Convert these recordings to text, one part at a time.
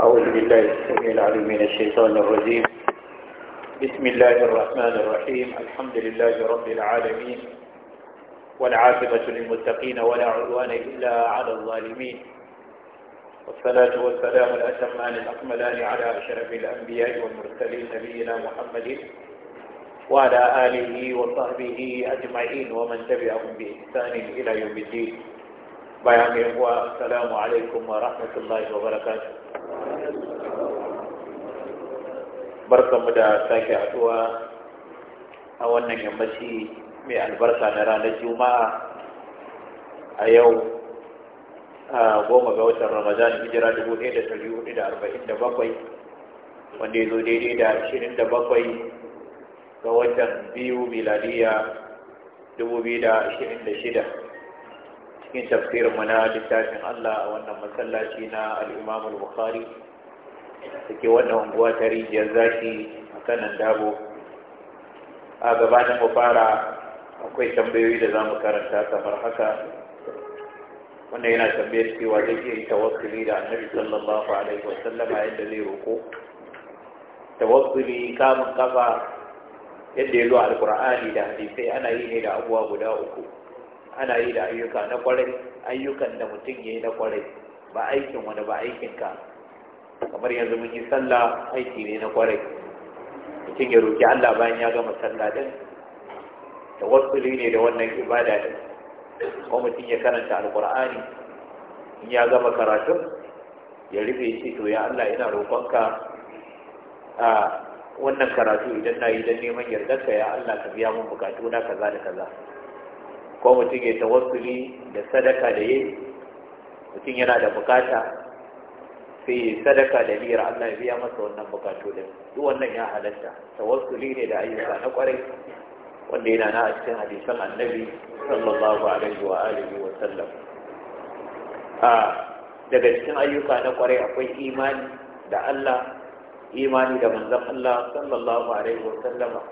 أعوذ بالله السميع العليم من الشيطان الرجيم بسم الله الرحمن الرحيم الحمد لله رب العالمين والعاقبة للمتقين ولا عدوان إلا على الظالمين والصلاة والسلام الأتمان الأكملان على أشرف الأنبياء والمرسلين نبينا محمد وعلى آله وصحبه أجمعين ومن تبعهم بإحسان إلى يوم الدين بيان السلام عليكم ورحمة الله وبركاته barkanmu da sake haduwa a wannan yammaci mai albarka na ranar juma'a a yau a goma ga watan ramadan hijira 1447 wanda ya zo daidai da 27 ga watan biyu miladiya 2026 cikin tafsirin na littafin Allah a wannan masallaci na alimamul al-Bukhari ke wannan unguwa ta rijiyar zaki a kanan dabo a gabanin mu fara akwai tambayoyi da za mu karanta kamar haka wannan yana tambayar cewa zai iya yi tawassuli da annabi sallallahu alaihi wasallam a yadda zai roko tawassuli kamun kafa yadda ya zo alkur'ani da hadisai ana yi ne da abubuwa guda uku ana yi da ayyuka na kwarai ayyukan da mutum ya yi na kwarai ba aikin wani ba aikinka kamar yanzu mun yi sallah aiki ne na kwarai mutum ya roki Allah bayan ya gama sallah din da wasu ne da wannan ibada din ko mutum ya karanta alkur'ani in ya gama karatu ya rufe shi to ya Allah ina roƙonka a wannan karatu idan na yi don neman yardarka ya Allah ka biya mun bukatu na kaza da kaza ko mutum ya tawassuli da sadaka da yi mutum yana da bukata sai ya sadaka da niyyar Allah ya biya masa wannan bukatu da duk wannan ya halatta tawassuli ne da ayyuka na kwarai wanda yana na a cikin hadisan annabi sallallahu alaihi wa alihi wa sallam a daga cikin ayyuka na kwarai akwai imani da Allah imani da manzon Allah sallallahu alaihi wa sallama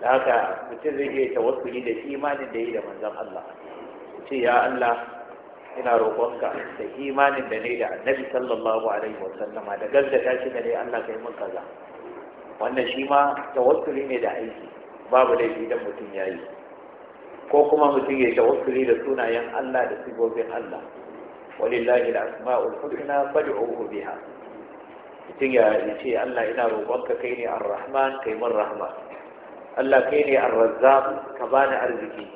da haka mutum zai iya tawassuli da imanin da yi da manzon Allah ce ya Allah ina roƙonka da imanin da ne da annabi sallallahu alaihi wa sallama da gaggata shi da ne Allah kai mun kaza wannan shi ma tawassuli ne da aiki babu laifi idan mutum ya yi ko kuma mutum ya tawassuli da sunayen Allah da sifofin Allah walillahi al-asma'ul husna fad'uhu biha mutum ya ce Allah ina roƙonka kai ne ar-rahman kai mun rahma الله كيني الرزاق كبان أرزكي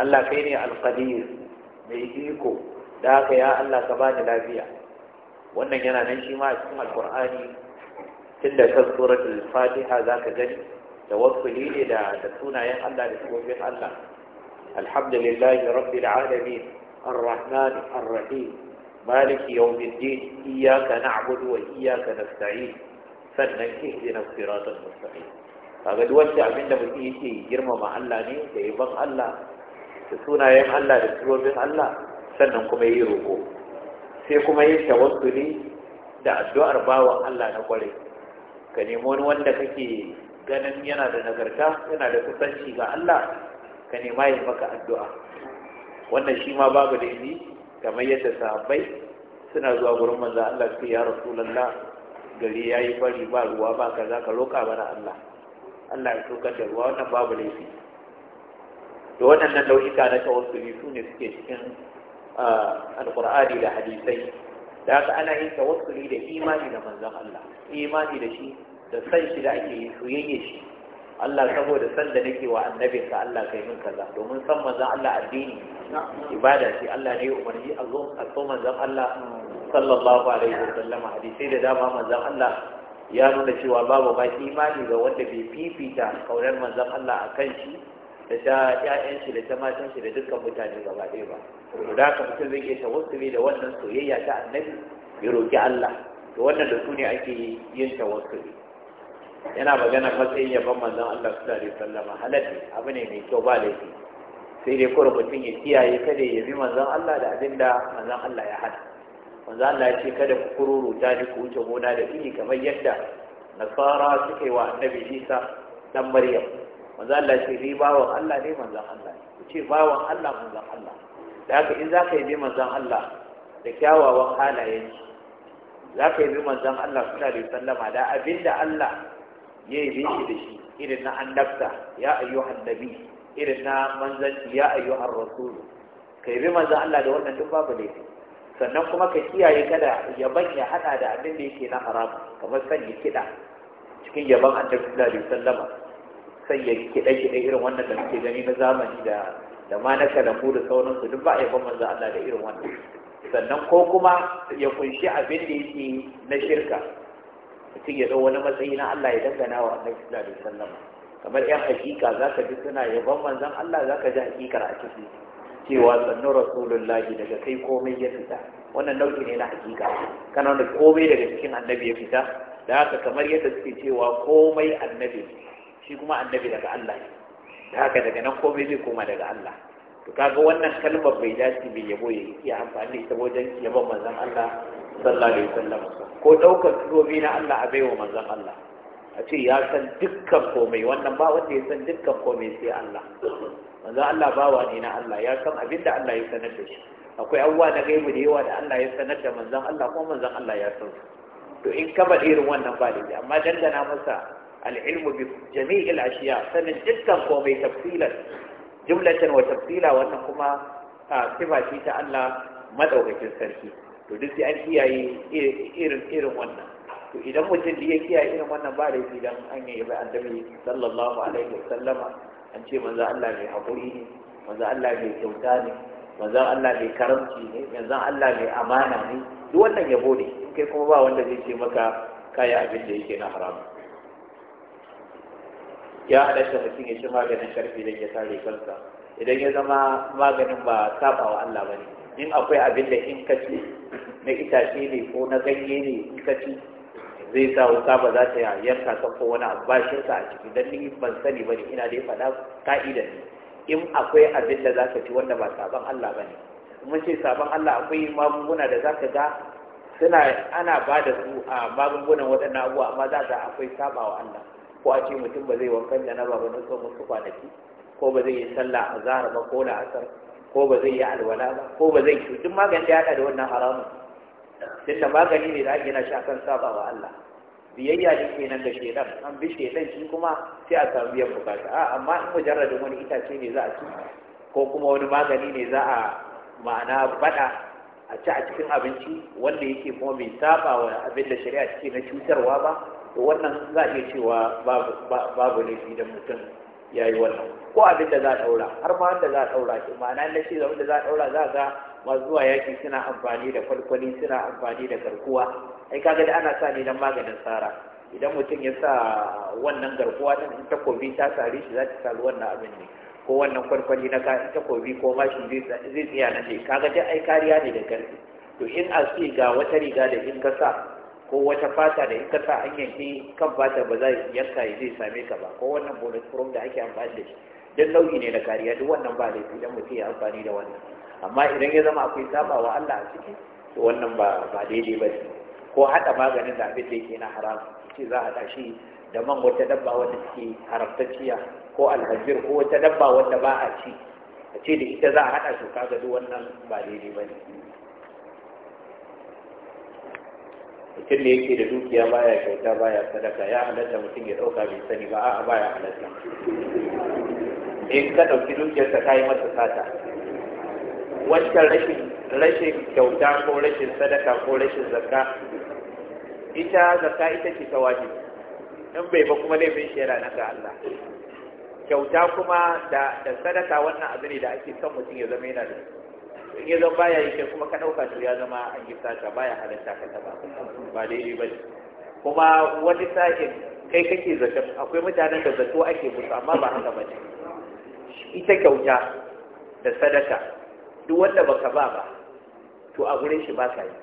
الله كيني القدير ميديكو داك يا الله كبان لابيع وأن ينا نشي ما اسم القرآن تند تذكرة الفاتحة ذاك جني توفلي لي تسونا يا الله لتوفيح الله الحمد لله رب العالمين الرحمن الرحيم مالك يوم الدين إياك نعبد وإياك نستعين فلننكه لنا الصراط المستقيم kaga duk abin da mutum yake girmama Allah ne da yaban Allah da sunayen Allah da turobin Allah sannan kuma yi roƙo sai kuma yin ne da addu'ar bawan Allah na kware ka nemi wani wanda kake ganin yana da nagarta yana da kusanci ga Allah ka nema yi maka addu'a wannan shi ma babu daidai kamar yadda sahabbai suna zuwa gurin manzo Allah sai ya rasulullah gari yayi fari ba ruwa ba kaza ka roka bana Allah Allah ya tukar da ruwa wannan babu laifi da waɗannan nau'ika na tawassuli su ne suke cikin alƙur'ani da hadisai da haka ana yin tawassuli da imani da manzon Allah imani da shi da san shi da ake yi soyayye shi Allah saboda san da nake wa annabi ka Allah kai min kaza domin san manzon Allah addini ibada ce Allah ne ya umarni a zo a so manzon Allah sallallahu alaihi wa sallama hadisai da dama manzon Allah ya nuna cewa babu ba imani ga wanda bai fifita kaunar manzan Allah a kan shi da ta ƴaƴan da ta matan shi da dukkan mutane gaba ɗaya ba to da haka mutum zai iya tawassuli da wannan soyayya ta annabi ya roki Allah to wannan da su ne ake yin tawassuli yana magana matsayin yaban manzan Allah su alaihi sallama halal abu ne mai kyau ba laifi sai dai kawai mutum ya kiyaye kada ya bi manzan Allah da abinda manzan Allah ya hada manzo Allah ya ce kada ku kururuta ni ku wuce gona da iri kamar yadda nasara suka yi wa annabi Isa dan Maryam manzo Allah ya ce ni bawan Allah ne manzon Allah ku ce bawan Allah manzon Allah da haka in zaka yi bi manzon Allah da kyawawan halayen shi? za ka yi bi manzon Allah suna da wasallama da abinda Allah ya yi bi shi da shi irin na annabta ya ayyuhan nabi irin na manzanci ya ayyuhan rasulu ka yi bi manzon Allah da wannan duk babu laifi sannan kuma ka kiyaye kada yaban ya hada da abin da yake na haramu kamar sanya kiɗa cikin yaban tafi da alaihi sallama, sanya kiɗa-kiɗa irin wannan da muke gani na zamani da da ma na kalamu da sauransu duk ba a yaban manzo Allah da irin wannan sannan ko kuma ya kunshi abin da yake na shirka mutum ya ɗau wani matsayi na Allah ya dangana wa annabi sallallahu alaihi wasallam kamar yan hakika zaka ji suna yaban manzon Allah zaka ji hakikar a ciki cewa sannu rasulullahi daga kai komai ya fita wannan nau'i ne na hakika kana da komai daga cikin annabi ya fita da haka kamar yadda suke cewa komai annabi shi kuma annabi daga Allah ne da haka daga nan komai zai koma daga Allah to kaga wannan kalmar bai dace bai yabo ya yi amfani ita wajen yabon manzon Allah sallallahu alaihi wasallam ko daukar tsobi na Allah a baiwa manzon Allah a ce ya san dukkan komai wannan ba wanda ya san dukkan komai sai Allah manzo Allah bawa ne na Allah ya san abinda Allah ya sanar da shi akwai abubuwa na gaibu da yawa da Allah ya sanar da manzon Allah kuma manzon Allah ya san to in ka bada irin wannan ba dai-dai, amma dangana masa al-ilmu bi jami'il ashiya sanin dukkan komai tafsilan jumlatan wa tafsila wannan kuma sifa ce ta Allah madaukakin sarki to duk sai an kiyaye irin irin wannan to idan mutum da ya kiyaye irin wannan ba da idan an yi ba annabi sallallahu alaihi wasallama an ce manzan Allah mai haƙuri ne manzan Allah mai kyauta ne manzan Allah mai karamci ne manzan Allah mai amana ne duk wannan yabo ne kai kuma ba wanda zai ce maka kaya abin da yake na haram ya shi mutum ya ci maganin karfi don ya tare kansa idan ya zama maganin ba saba wa Allah ba ne in akwai abin da in ka ci na itace ne ko na ganye ne in ka ci zai sa wuka ba za ta yi yanka ta ko wani abu sa a ciki don ni ban sani ba ina da fada faɗa ka'idar ne in akwai abin da za ka ci wanda ba sabon Allah ba ne mun ce sabon Allah akwai magunguna da za ga suna ana ba da su a magungunan waɗannan abubuwa amma za ta akwai sabawa Allah ko a ce mutum ba zai wankan da na ba na son kwanaki ko ba zai yi sallah a zahar ba ko asar ko ba zai yi alwala ba ko ba zai shi duk maganin da ya haɗa da wannan haramun tunda magani ne da ake na shi akan saba Allah biyayya ne kenan da shedan an bi shedan shi kuma sai a samu biyan bukata a amma in mujarradin wani itace ne za a ci ko kuma wani magani ne za a ma'ana bada a ci a cikin abinci wanda yake kuma bai saba wa abin da shari'a take na cutarwa ba to wannan za a iya cewa babu laifi da mutum ya yi wannan ko abin da za a ɗaura har ma wanda za a ɗaura ma'ana na shi wanda za a ɗaura za a ga masu zuwa yaki suna amfani da kwalkwali suna amfani da garkuwa ai kaga da ana sa ne dan maganin tsara idan mutum ya sa wannan garkuwa din in takobi ta sare shi za ta saru wannan abin ne ko wannan kwalkwali na ka takobi ko shi zai tsaya na ne kaga dai ai kariya ne da karfi to in a ce ga wata riga da in ka sa ko wata fata da in ka sa an yanke kan fata ba za yanka zai same ka ba ko wannan bonus da ake amfani da shi dan nauyi ne na kariya duk wannan ba laifi dan mutum ya amfani da wannan amma idan ya zama akwai sabawa Allah a ciki to wannan ba ba daidai ba ko haɗa maganin da abin da yake na haram ce za a haɗa shi da man wata dabba wanda take haramtacciya ko alhajir ko wata dabba wanda ba a ci a ce da ita za a haɗa su kaga duk wannan ba daidai ba ne mutum ne yake da dukiya baya kyauta baya sadaka ya halatta mutum ya ɗauka bai sani ba a'a baya halatta in ka ɗauki dukiyarsa ka yi masa sata wancan rashin rashin kyauta ko rashin sadaka ko rashin zakka ita zakka ita ce ta wajibi in bai ba kuma laifin shi yana nan ga Allah kyauta kuma da da sadaka wannan abu ne da ake son mutum ya zama yana da in ya zama baya yake kuma ka dauka shi ya zama an yi ka, baya halatta ka taba ba daidai ba kuma wani sakin kai kake zaka akwai mutanen da zato ake musu amma ba haka ba ne ita kyauta da sadaka duk wanda baka ba ba to a gure shi ba ka yi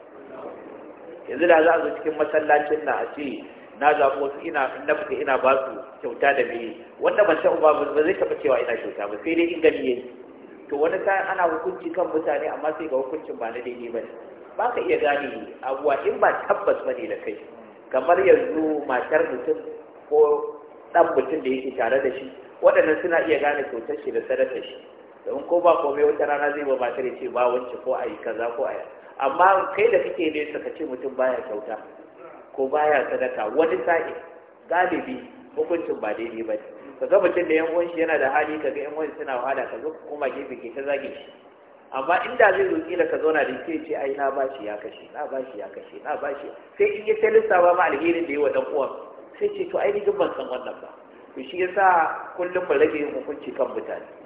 yanzu da za a zo cikin masallacin na a ce na zaɓi wasu ina na fita ina ba su kyauta da meye wanda ban taɓa ba ba zai taɓa cewa ina kyauta ba sai dai in gani yayi to wani kayan ana hukunci kan mutane amma sai ga hukuncin ba na daidai ba ne ba ka iya gane abuwa in ba tabbas ba ne da kai kamar yanzu matar mutum ko ɗan mutum da yake tare da shi waɗannan suna iya gane kyautar shi da sadakar shi don ko ba komai wata rana zai ba matar ya ce ba wance ko a yi kaza ko a yi amma kai da kake nesa ka ce mutum baya kyauta ko baya sadaka wani sa'in galibi hukuncin ba daidai ba ne ka ga mutum da yan uwanshi yana da hali ka ga yan uwanshi suna wahala ka zo kuma gefe ke ta zage shi amma inda zai zo kila ka zauna da ke ce ai na bashi ya kashe na bashi ya kashe na bashi sai in ya ta lissafa ma alherin da ya wa dan uwan sai ce to ai ni ban san wannan ba to shi yasa kullum mu rage yin hukunci kan mutane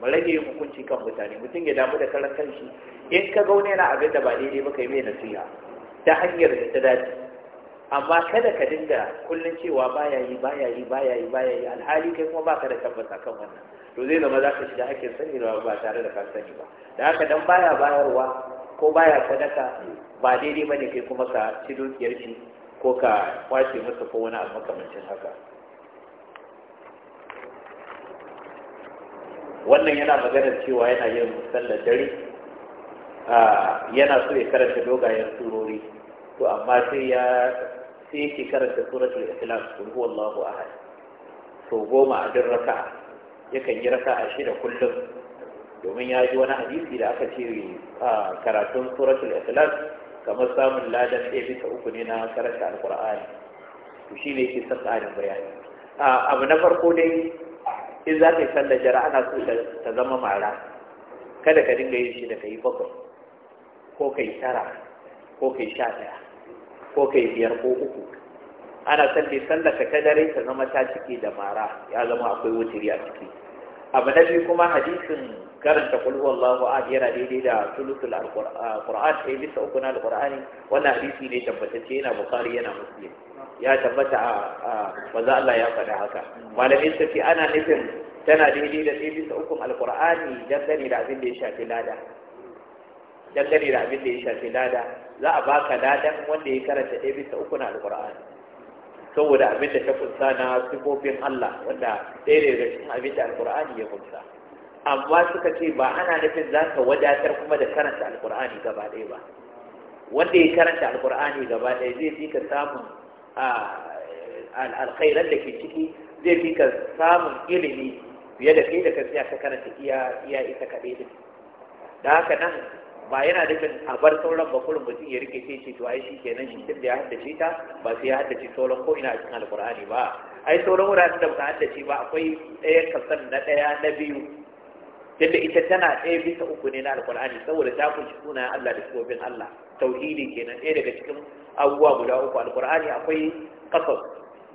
mu rage yin hukunci kan mutane mutum ya damu da karan kanshi in ka ga wani yana abin da ba daidai ba kai mai nasiha ta hanyar da ta dace amma kada ka dinga kullum cewa baya yi baya yi baya yi baya yi alhali kai kuma baka da tabbata kan wannan to zai zama za ka shiga hakkin sani ba tare da ka sani ba da haka dan baya bayarwa ko baya sadaka ba daidai bane kai kuma ka ci dukiyar shi ko ka kwace masa ko wani abu makamancin haka wannan yana maganar cewa yana yin sallar dare ah, yana so ya karanta dogayen surori to amma sai ya sai yake karanta suratul ikhlas kun huwa Allahu ahad to goma a duk raka'a yakan yi raka'a shida kullum domin ya ji wani hadisi da aka ce a ah, karatun suratul ikhlas kamar samun ladan ɗaya bisa uku ne na karanta alqur'ani to shine yake sassa da bayani ah, abu na farko dai in za ka yi sallar jara ana so ta zama mara kada ka dinga yin shi da ka yi bakwai ko ka yi tara ko ka yi sha ɗaya ko ka yi biyar ko uku ana son sallar ka ta ta zama ta cike da mara ya zama akwai wuturi a ciki abu na biyu kuma hadisin karanta kul huwallahu ahad yana daidai da sulusul alquran sai eh, bisa uku na alqurani wannan hadisi ne tabbatacce yana bukhari yana muslim ya tabbata a maza Allah ya faɗa haka malamin tafi ana nufin tana daidai da sai bisa ukun alqurani dangane da abin da ya shafi lada dangane da abin da ya shafi lada za a baka ladan wanda ya karanta ɗaya bisa uku na saboda abin da ta kunsa na sifofin Allah wanda ɗaya ne daga cikin abin da alkur'ani ya kunsa amma suka ce ba ana nufin za ka wadatar kuma da karanta alkur'ani gaba ɗaya ba wanda ya karanta alkur'ani gaba ɗaya zai fi ka samun alkhairar da ke ciki zai fi ka samun ilimi fiye da kai da ka siya ka karanta iya iya ita kaɗai din da haka nan ba yana nufin a bar sauran ba kullum mutum ya rike sai shi to shi kenan shi tun da ya haddace ta ba sai ya haddace sauran ko ina cikin alqur'ani ba ai sauran wuraren da ba haddace ba akwai ɗaya kasan na ɗaya na biyu yadda ita tana ɗaya bisa uku ne na alkur'ani saboda ta kunshi suna Allah da sifofin Allah tauhidi kenan ɗaya daga cikin abubuwa guda uku alkur'ani akwai kasas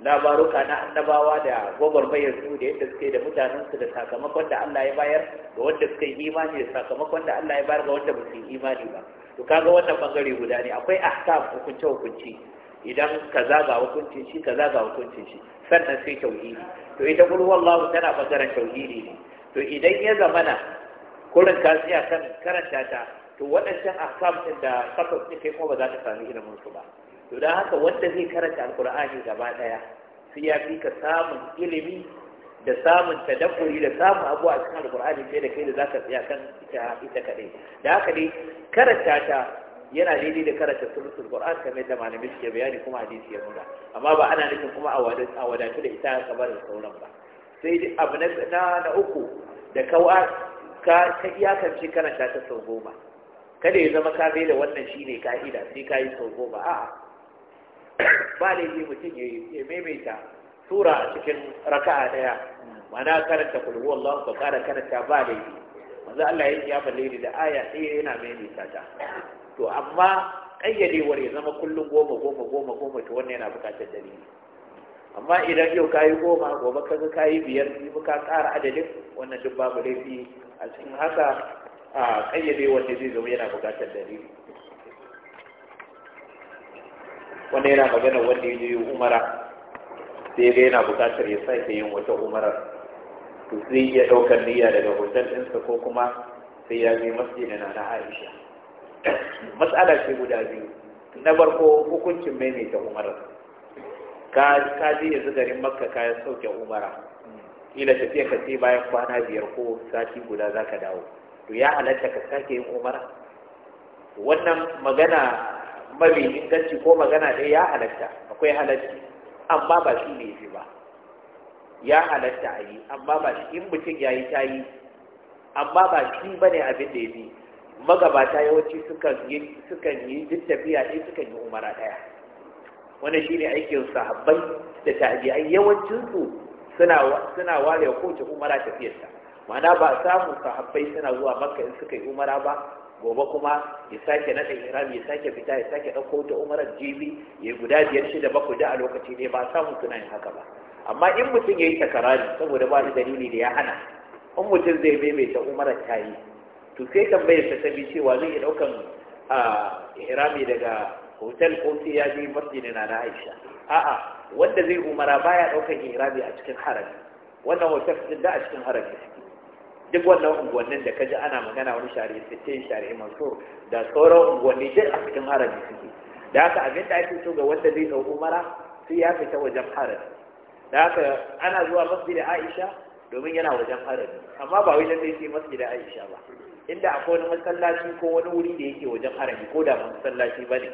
labaruka na annabawa da gwagwarmayar su da yadda suke da mutanensu da sakamakon da Allah ya bayar ga wanda suka yi imani da sakamakon da Allah ya bayar ga wanda ba yi imani ba to kaga wannan bangare guda ne akwai ahkam hukunce hukunci idan kaza ga hukuncin shi kaza ga hukuncin shi sannan sai tauhidi to ita kullu wallahu tana bangaren tauhidi ne to idan ya zamana kurin kasiya kan karanta ta to waɗancan ahkam din da kafa ne kai kuma ba za ta sami ilimin su ba to da haka wanda zai karanta alkur'ani gaba ɗaya, sai ya fi ka samun ilimi da samun tadabburi da samun abu a cikin alkur'ani sai da kai da zaka tsaya kan ita ita kadai da haka ne karanta ta yana daidai da karanta suratul qur'an kamar yadda malamai suke bayani kuma hadisi ya nuna amma ba ana nufin kuma a wadatu da ita kamar da sauran ba sai abu na na uku da kawa ka ka iyakance karanta ta sau goma kada ya zama ka da wannan shine ka'ida sai ka yi sau goma a'a ba laifi mutum ya maimaita tura a cikin raka'a daya Mana karanta kulhu Allah ba kara karanta ba laifi manzo Allah ya kiyama laifi da aya ɗaya yana maimaita ta to amma ƙayyadewar ya zama kullum goma goma goma goma to wannan yana buƙatar dalili amma idan yau ka yi goma gobe ka ga ka yi biyar jibi ka ƙara adadin wannan duk babu laifi a cikin haka a ƙayyadewar da zai zama yana buƙatar dalili wanda yana magana wanda ya yi umara sai ga yana bukatar ya sake yin wata umara to sai ya ɗaukar niyya daga hotel ɗinsa ko kuma sai ya je masjidin na Aisha mas'ala ce guda biyu na farko hukuncin maimaita umarar ka je yanzu garin makka ka sauke umara ila tafiya ka sai bayan kwana biyar ko sati guda za ka dawo to ya halatta ka sake yin umara wannan magana mabi inganci ko magana ɗaya ya halatta akwai halatti amma ba shi ne fi ba ya halatta a yi amma ba shi in mutum ya yi ta yi amma ba shi ba ne abin da ya bi magabata yawanci sukan yi duk tafiya ɗaya sukan yi umara ɗaya wani shi ne aikin sahabbai da tabi'ai yawancinsu suna ware kowace umara tafiyarta ma'ana ba samun sahabbai suna zuwa makka in suka yi umara ba gobe kuma ya sake naɗa iram ya sake fita ya sake ɗauko ta umarar jibi ya guda biyar shida bakwai da a lokaci ne ba samu tunanin haka ba amma in mutum ya yi takarari saboda ba da dalili da ya hana in mutum zai maimaita umarar ta yi to sai tambayar ta tabi cewa zai iya ɗaukan ihrami daga hotel ko sai ya je masjidin na Aisha a'a wanda zai umara baya ɗaukan ihrami a cikin harami wannan hotel din da a cikin harami duk wannan unguwannin da kaji ana magana wani shari'i sittin shari'i mansur da tsoron unguwanni duk a cikin harabi suke da haka abin da ake so ga wanda zai ɗau umara sai ya fita wajen harabi da haka ana zuwa masjid Aisha domin yana wajen harabi amma ba wai sai sai masjid Aisha ba inda akwai wani masallaci ko wani wuri da yake wajen harabi ko da ba masallaci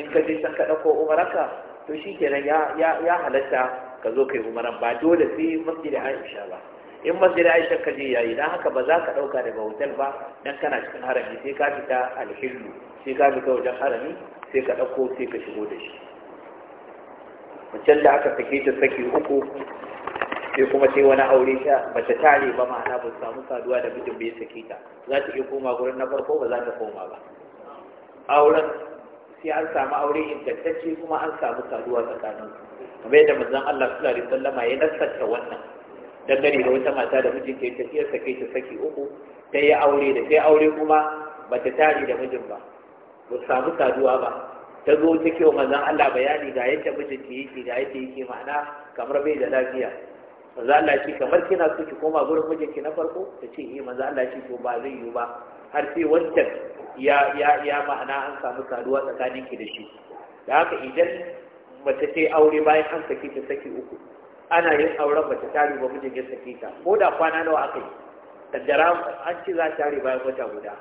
in ka je san ka ɗauko umararka to shi kenan ya halatta ka zo kai umaran ba dole sai masjid Aisha ba in masjid aisha ka je yayi dan haka ba za ka dauka daga hotel ba dan kana cikin harami sai ka fita alhillu sai ka fita wajen harami sai ka dauko sai ka shigo da shi mutum da aka sake ta saki uku sai kuma sai wani aure ta bata tare ba ma'ana ba samu saduwa da mijin bai sake ta za ta iya koma gurin na farko ba za ta koma ba auren sai an samu aure ingantacce kuma an samu saduwa tsakanin kamar yadda manzon Allah sallallahu alaihi wasallama ya nassanta wannan dangane da wata mata da mijinta ya tafiya sake ta saki uku ta yi aure da ta aure kuma ba ta tare da mijin ba ba samu saduwa ba ta zo ta kewa manzan Allah bayani ga yadda ke, yake ga yadda yake ma'ana kamar bai da lafiya manzan Allah ce kamar kina so ki koma gurin mijinki na farko ta ce eh manzan Allah ce to ba zai yiwu ba har sai wancan ya ya ya ma'ana an samu saduwa ki da shi da haka idan mace ta yi aure bayan an saki ta saki uku ana yin auren ba ta tare ba mijin ya sake ta ko da kwana nawa aka yi kaddara an ce za ta tare bayan wata guda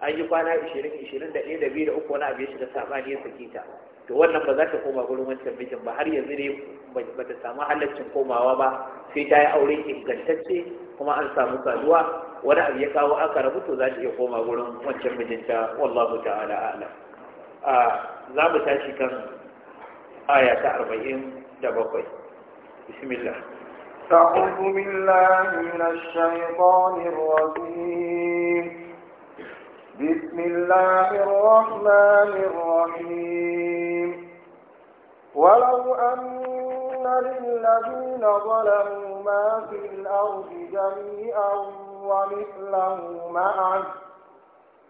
an yi kwana 20 21 da 2 da 3 wani abu ya shiga sabani ya sake ta to wannan ba za ta koma gurin wancan mijin ba har yanzu ne ba ta samu halaccin komawa ba sai ta yi aure ingantacce kuma an samu saduwa wani abu ya kawo aka rabu to za ta iya koma gurin wancan mijinta wallahu ta'ala a'lam za mu tashi kan aya ta arba'in da bakwai بسم الله أعوذ بالله من الشيطان الرجيم بسم الله الرحمن الرحيم ولو أن للذين ظلموا ما في الأرض جميعا ومثله معه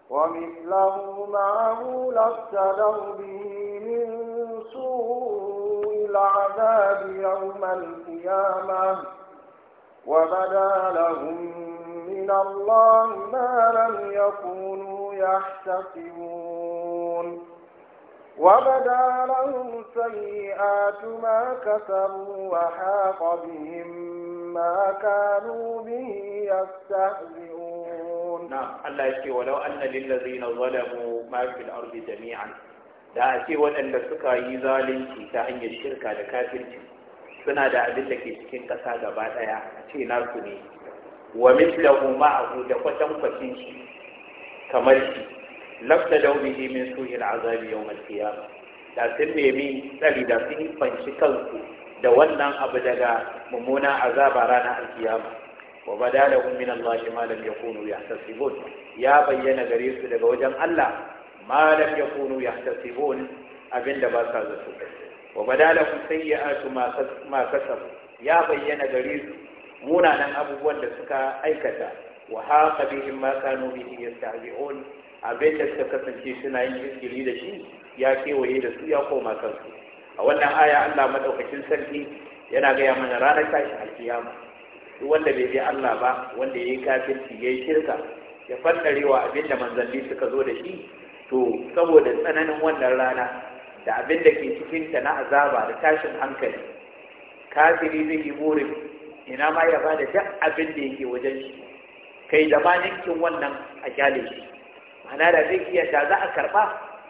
ومثله معه لافتدوا به من سوء العذاب يوم القيامة وبدا لهم من الله ما لم يكونوا يحتسبون وبدا لهم سيئات ما كسبوا وحاق بهم ما كانوا به يستهزئون نعم الله يشكي ولو أن للذين ظلموا ما في الأرض جميعا da a ce waɗanda suka yi zalunci ta hanyar shirka da kafirci suna da abin da ke cikin ƙasa gaba ɗaya a ce nasu ne wa mislahu abu da kwatankwacin shi kamar shi lafta daubihi min suhil azabi yau da sun nemi tsari da sun fanshi kansu da wannan abu daga mummunan azaba ranar alkiyama wa bada umminan lashe malam ya lam ya yahtasibun ya bayyana gare su daga wajen Allah ma kunu ya yahtasibun abinda ba sa zato wa ku sayyatu ma kasabu ya bayyana gare su munanan abubuwan da suka aikata wa haqa bihim ma kanu bihi yastahzi'un abinda suka kasance suna yin iskili da shi ya kewaye da su ya koma kansu a wannan aya Allah madaukakin sarki yana gaya mana ranar tashi, alkiyama duk wanda bai bi Allah ba wanda yayi kafirci yayi shirka ya fadarewa abinda manzanni suka zo da shi to saboda tsananin wannan rana da abin da ke cikinta na azaba da tashin hankali kafiri zai yi burin ina ma ya ba da duk abin da yake wajen shi kai da ma ninkin wannan a kyale shi ma'ana da zai iya da za a karɓa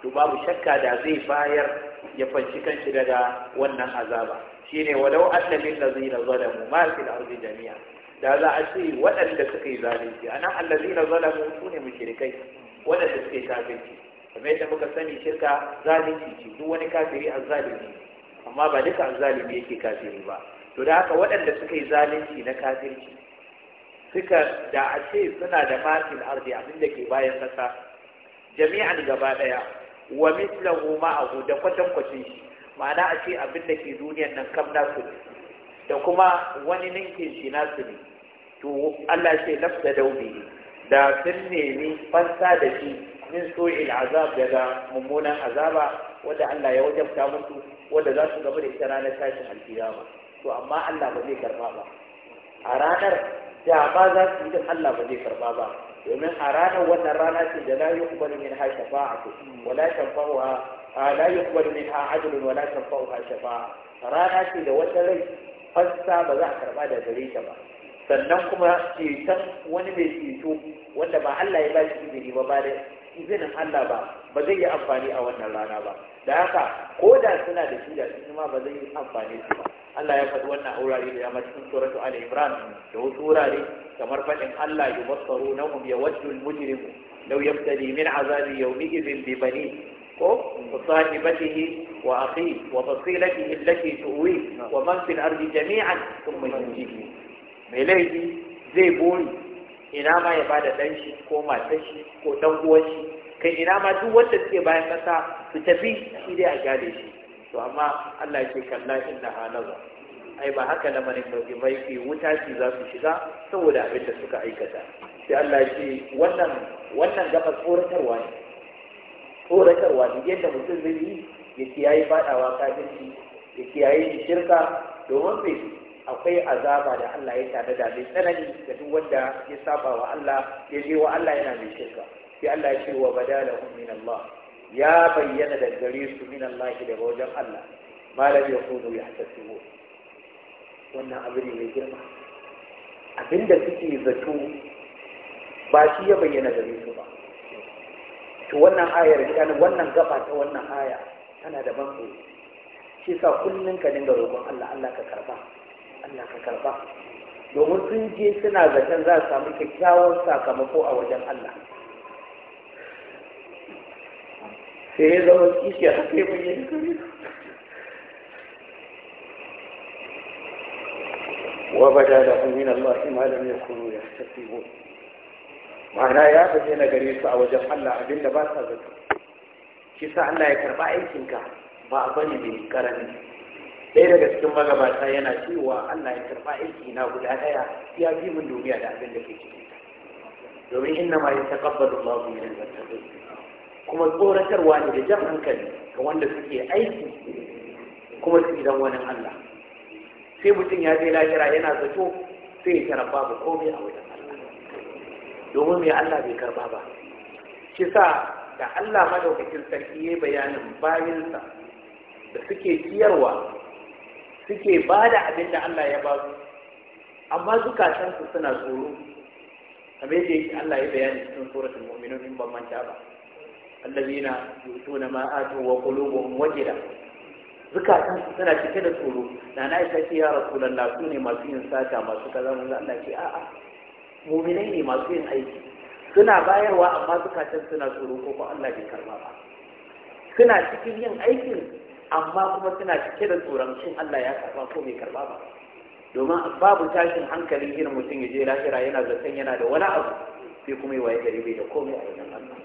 to babu shakka da zai bayar ya fanci kanshi daga wannan azaba shine walau annabin lazina zalamu ma fil ardi jami'a da za a ce waɗanda suka yi zalunci anan allazina zalamu sune mushrikai waɗanda suka yi kafirci kamar yadda muka sani shirka zalunci ce duk wani kafiri zalunci, amma ba duka azzalimi yake kafiri ba to da haka waɗanda suka yi zalunci na kafirci suka da a ce suna da matin arzi abin da ke bayan kasa jami'an gaba ɗaya wa mislahu ma'ahu da kwatankwacin shi ma'ana a ce abin da ke duniyan nan kam na ne da kuma wani ninkin shi su ne to Allah ce nafsa daubi da sun nemi fansa da shi min su'il azab daga mummunan azaba wanda Allah ya wajabta musu wanda za su gaba da ita ranar tashin alkiyama to amma Allah ba zai karba ba a ranar da ba za su yi Allah ba zai karba ba domin a ranar wannan rana ce da la yuqbalu minha shafa'atu wa la tanfa'uha la yuqbalu minha adlun wa la tanfa'uha shafa'a rana ce da wata rai fassa ba za a karba da gare ta ba sannan kuma ceton wani mai ceto wanda ba Allah ya ba shi izini ba ba da izinin Allah ba ba zai yi amfani a wannan rana ba da haka ko da suna da shi da shi ma ba zai yi amfani su ba Allah ya faɗi wannan aurare da yamma cikin suratu Ali imran da wasu wurare kamar faɗin Allah yubassaru nahum yawaddu al mujrimu law yabtadi min azabi yawmi idhin bi bani وصاحبته وأخيه وفصيلته wa تؤويه ومن في الأرض جميعا ثم mai laifi zai بوي ina ma ya bada dan shi ko matar shi ko dan uwan shi kai ina ma duk wanda suke bayan kasa su tafi shi dai a gane shi to amma Allah yake kalla inna halaza ai ba haka da mani mai mai wuta shi za su shiga saboda abin da suka aikata sai Allah yake wannan wannan gaba tsoratarwa ne tsoratarwa ne yadda mutum zai yi ya kiyaye fadawa shi ya kiyaye shirka domin bai akwai azaba da Allah ya tada da mai tsanani da duk wanda ya saba wa Allah ya je wa Allah yana mai shirka sai Allah ya ce wa badalahum min Allah ya bayyana da gare su min Allah daga wajen Allah malam ya kudu ya wannan abin ne mai girma abinda suke zato ba shi ya bayyana gare su ba to wannan ayar gidan wannan gaba ta wannan aya tana da ban shi sa kullun ka dinga roƙon Allah Allah ka karba Allah ka karba domin sun je suna zaton za su samu kyakkyawar sakamako a wajen Allah sai ya zama kishi a kai mun yi wa bada da min Allah ma ya tafi yahtasibun ma'ana ya na gare su a wajen Allah abinda ba sa zato shi sa Allah ya karba aikinka ba a bane mai karami ɗaya daga cikin magabata yana cewa Allah ya karɓa aiki na guda ɗaya ya fi min duniya da abin da ke cikin ta domin inna ma ya taqabbalu Allahu min al-muttaqin kuma tsoratarwa ne da jan hankali ga wanda suke aiki kuma su idan wani Allah sai mutum ya je lahira yana zato sai ya karɓa babu komai a wajen domin mai Allah bai karɓa ba shi sa da Allah madaukakin sarki ya bayanin bayinsa da suke ciyarwa suke ba da abin da Allah ya ba su amma zukatansu suna tsoro kamar yadda yake Allah ya bayani cikin suratul mu'minun in ban manta ba allazina yutuna ma atu wa qulubuhum wajila zukatansu suna cike da tsoro na na isa ce ya rasulullah su ne masu yin sata masu kaza mun Allah ce a'a mu'minai ne masu yin aiki suna bayarwa amma zukatan suna tsoro ko ko Allah bai karba ba suna cikin yin aikin amma kuma suna cike da tsoron shin Allah ya karba ko bai karba ba domin babu tashin hankalin irin mutum ya je lahira yana zaton yana da wani abu sai kuma yi waye gari bai da komai a wajen Allah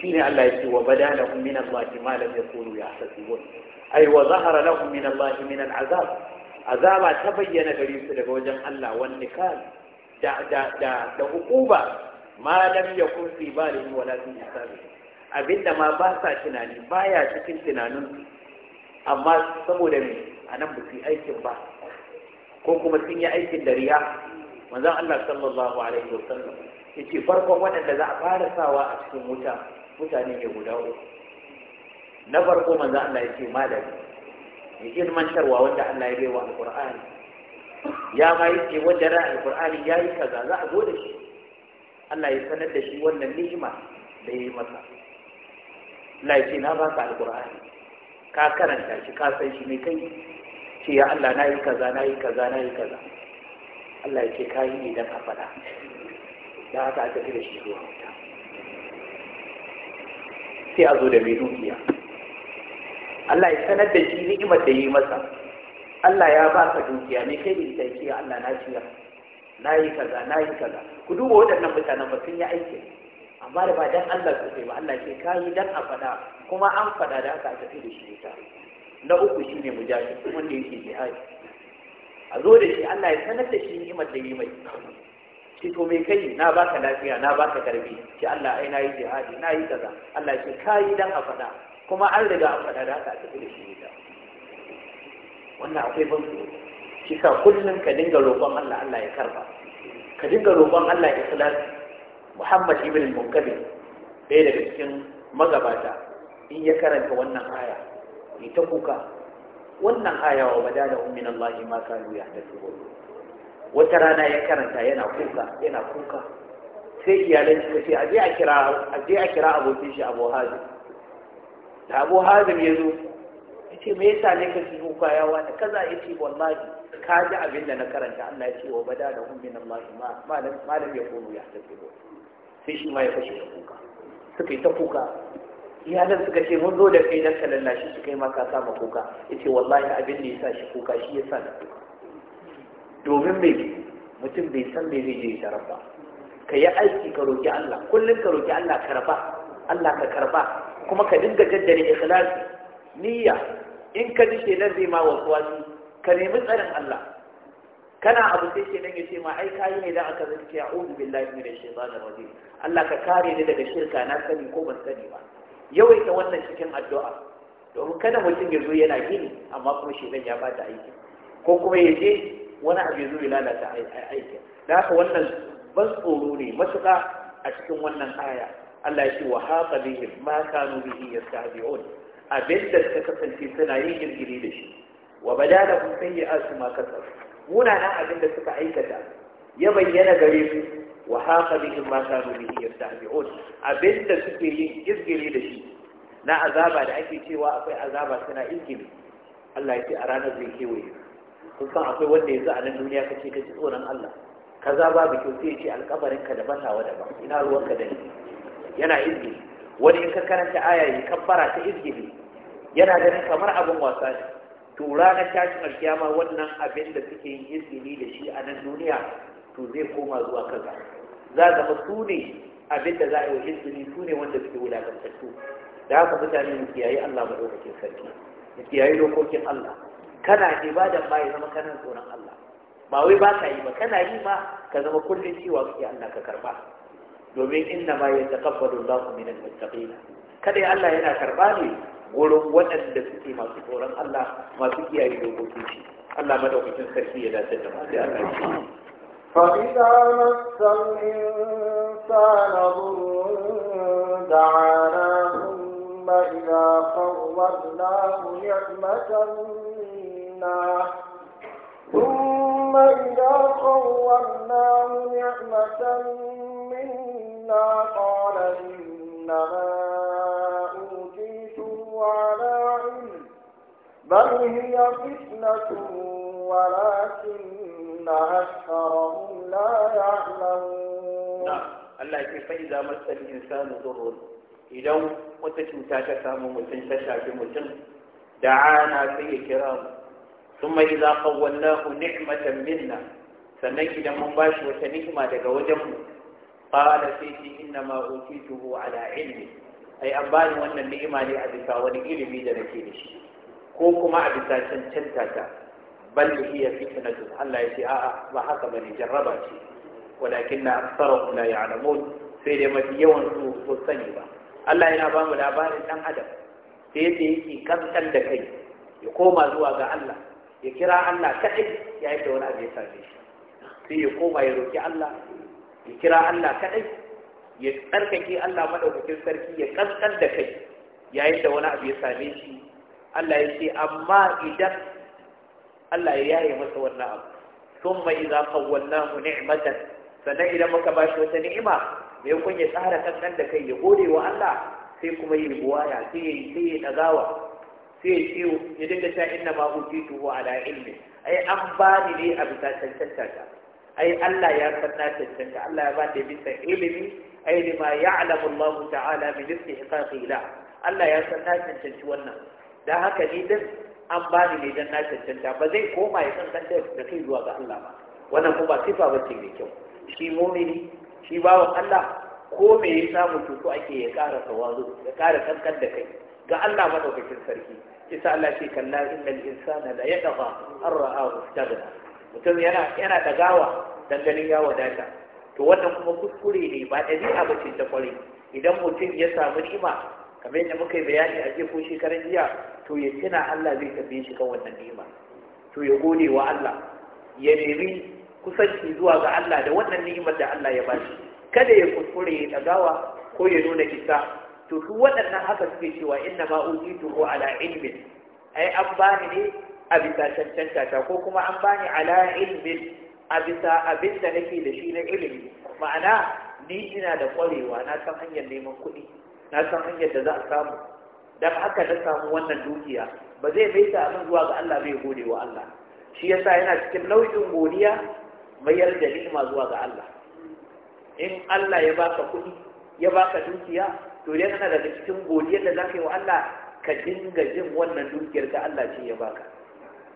shi ne Allah ya ce wa bada lahum min Allah ma lam ya yahtasibun ay wa zahara lahum min Allah min azab. azaba ta bayyana gare su daga wajen Allah wan nikal da da da da hukuba ma lam yakun fi balihi wala fi hisabihi abinda ma ba sa tunani baya cikin tunanin amma saboda me a nan ba su yi aikin ba ko kuma sun yi aikin da riya wanzan Allah sallallahu alaihi wasallam ce farkon waɗanda za a fara sawa a cikin wuta mutane ne guda uku na farko manzo Allah ya ce malami ya ilmantarwa wanda Allah ya baiwa Alƙur'ani. ya ma ce wanda ra ya yi kaza za a gode shi Allah ya sanar da shi wannan ni'ima da ya yi masa Allah ce na baka Alƙur'ani. ka karanta shi ka san shi ne kai ce ya Allah na yi kaza na yi kaza na yi kaza Allah ya ce ka yi ne don a faɗa da haka aka fi da shi zuwa wuta sai a zo da mai dukiya Allah ya sanar da shi ni'imar da yi masa Allah ya ba ka dukiya ne kai ne ce ya Allah na ciyar na yi kaza na yi kaza ku duba waɗannan mutanen ba sun yi aiki amma da ba dan Allah su ba Allah ce kayi dan a faɗa kuma an faɗa da aka tafi da shi ta na uku shi shine mujahid wanda yake jihadi a zo da shi Allah ya sanar da shi ni'imar da yi mai shi to me kai na baka lafiya na baka karfi shi Allah ai nayi jihadi nayi kaza Allah ce kayi dan a faɗa kuma an riga an faɗa da aka tafi da shi ta wannan akwai ban shi ka kullum ka dinga roƙon Allah Allah ya karba ka dinga roƙon Allah ya ikhlasi muhammad ibn al-munkadir ɗaya daga cikin magabata in ya karanta wannan aya ni ta kuka wannan aya wa bada da ummin Allah ma kanu ya hadasu wata rana ya karanta yana kuka yana kuka sai iyalan suka ce aje a kira aje a kira abokin shi Abu Hazim da Abu Hazim ya zo ya ce me yasa ne kake kuka ya wani kaza yace wallahi ka ji abin da na karanta Allah ya ce wa bada da ummin Allah ma malam malam ya kunu ya hadasu sai shi ma ya fashe ta kuka suka yi ta kuka iyalan suka ce mun zo da kai na ka shi kai ma ka sa ma kuka yace wallahi abin da ya sa shi kuka shi ya sa na kuka domin bai mutum bai san bai zai je ya ba ka yi aiki ka roƙi Allah kullum ka roƙi Allah karba Allah ka karba kuma ka dinga jaddare ikhlasi niyya in ka ji shelar zai ma wasu ka nemi tsarin Allah kana abu sai ke nan ya ce ma ai kayi ne idan aka a ya udu billahi min ash-shaytanir rajim Allah ka kare ni daga shirka na sani ko ban sani ba yawaita wannan cikin addu'a domin kada mutum ya zo yana gini amma kuma shi ya bata aiki ko kuma ya je wani abu ya zo ya lalata aiki da haka wannan ban tsoro ne matuƙa a cikin wannan aya Allah ya ce wa haqa bihim ma kanu bihi yastahzi'un abinda suka kasance suna yin girgiri da shi wa badala kun sayyi'atu ma kasabu munanan abin da suka aikata ya bayyana gare su wa haka in ma kanu bihi yastahzi'un abin da suke yin izgiri da shi na azaba da ake cewa akwai azaba suna izgiri Allah ya ce a ranar zai kewaye kun san akwai wanda yanzu a nan duniya kace ka ji tsoron Allah kaza babu kyau sai ya ce alkabarinka da batawa da ba ina ruwanka da ni yana izgiri wani in ka karanta aya yi kabbara ta izgiri yana ganin kamar abin wasa ne to ranar tashin alkiyama wannan abin da suke yin izini da shi a nan duniya to zai koma zuwa kaza za zama su ne abin da za a yi wa izini su ne wanda suke wulakantattu da haka mutane mu kiyaye Allah madaukakin sarki mu kiyaye dokokin Allah kana ibadan ba ya zama kana tsoron Allah ba wai ba ka yi ba kana yi ma ka zama kullum cewa kake Allah ka karba domin inna ma yataqabbalu Allahu minal muttaqin kada Allah yana karɓa ne wurin waɗanda suke masu tsoron Allah masu kiyaye dokokin shi Allah madaukakin sarki ya dace da masu Allah shi فإذا مس الإنسان ضر دعانا ثم إذا فوضناه نعمة منا ثم إذا خولناه نعمة منا قال إنما على علم بل هي فتنة ولكن أكثرهم لا يعلمون الله يكفي فإذا مس الإنسان ضر إذا وتشمتا تسامو متن تشاكي متن دعانا في كرام ثم إذا قولناه نعمة منا فنجد idan mun ba shi wata ni'ima daga wajenmu qala sai shi ai an bani wannan ni'ima ne a bisa wani ilimi da nake da shi ko kuma a bisa cancanta ta bal hiya fitnatun Allah ya ce a'a ba haka bane jarraba ce walakin na aktsaru la ya'lamun sai dai mafi yawan su ko sani ba Allah yana ba mu labarin dan adam sai yake yake kankan da kai ya koma zuwa ga Allah ya kira Allah kadai ya yi da wani abu ya same shi sai ya koma ya roki Allah ya kira Allah kadai ya tsarkake Allah madaukakin sarki ya kaskan da kai yayin da wani abu ya same shi Allah ya ce amma idan Allah ya yaye masa wannan abu thumma idza qawwalnahu ni'matan sannan idan muka shi wata ni'ima mai kun ya tsara kankan da kai ya gode wa Allah sai kuma yi buwaya sai ya sai ya dagawa sai ya ce ya dinga ta inna ma utitu wa ala ilmi ai an bani ne a bisa cancanta ta ai Allah ya san na cancanta Allah ya ba da bisa ilimi ay lima ya'lamu Allah ta'ala min istihqaqi la Allah ya san na cancanci wannan Da haka ni din an ba ni ne na cancanta ba zai koma ya kankanta da kai zuwa ga Allah ba wannan kuma sifa bace mai kyau shi mumini shi bawan Allah ko me ya samu tutu ake ya ƙara ya ƙara kankan da kai ga Allah madaukakin sarki isa Allah ce kalla innal insana la yatafa an ra'ahu istaghna mutum yana yana dagawa dan ganin ya wadata to wannan kuma kuskure ne ba ɗabi'a ba ce ta kwarai idan mutum ya samu ni'ima kamar yadda muka yi bayani a jiya ko shekaran jiya to ya tuna Allah zai tafi shi kan wannan ni'ima to ya gode wa Allah ya nemi kusanci zuwa ga Allah da wannan ni'imar da Allah ya bashi kada ya kuskure ya dagawa ko ya nuna kisa to su waɗannan haka suke cewa inna ma utitu ko ala ilmin ai an bani ne a bisa cancanta ta ko kuma an bani ala ilmin a bisa abin da nake da shi na ilimi ma'ana ni ina da ƙwarewa na san hanyar neman kuɗi na san hanyar da za a samu dan haka na samu wannan dukiya ba zai mai ta abin zuwa ga Allah bai gode wa Allah shi yasa yana cikin nau'in godiya mayar da ni'ima zuwa ga Allah in Allah ya baka kuɗi ya baka dukiya to kana daga cikin godiyar da zaka yi wa Allah ka dinga jin wannan dukiyar da Allah ce ya baka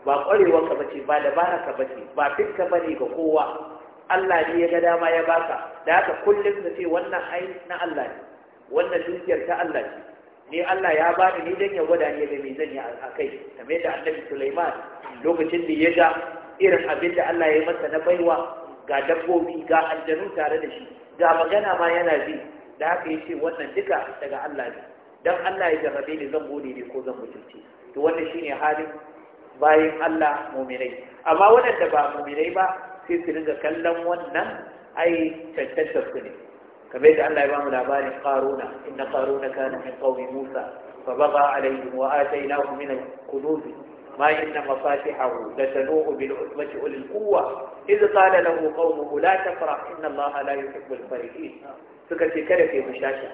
ba ƙwarewar ka bace ba dabara ka bace ba fitka bane ga kowa Allah ne ya ga dama ya baka da haka kullum na ce wannan ai na Allah ne wannan dukiyar ta Allah ce ni Allah ya bani ni dan ya gwada ni da me zan yi a kai kamar da Annabi Sulaiman lokacin da ya ga irin abin da Allah ya masa na baiwa ga dabbobi ga aljanu tare da shi ga magana ma yana ji da haka yace wannan duka daga Allah ne dan Allah ya jarrabe ni zan gode ne ko zan mutunci to wannan shine halin bayan Allah muminai amma waɗanda ba muminai ba sai su dinga kallon wannan ai cancantar su ne kamar yadda Allah ya ba mu labarin qaruna inna qaruna kana min qaumi Musa fa baga alaihim wa atainahu min al-kunuz ma inna mafatihahu latanu'u bil usbati ulil quwwa idh qala lahu qaumuhu la tafrah inna Allah la yuhibbu al-farihin suka ce kada kai mushasha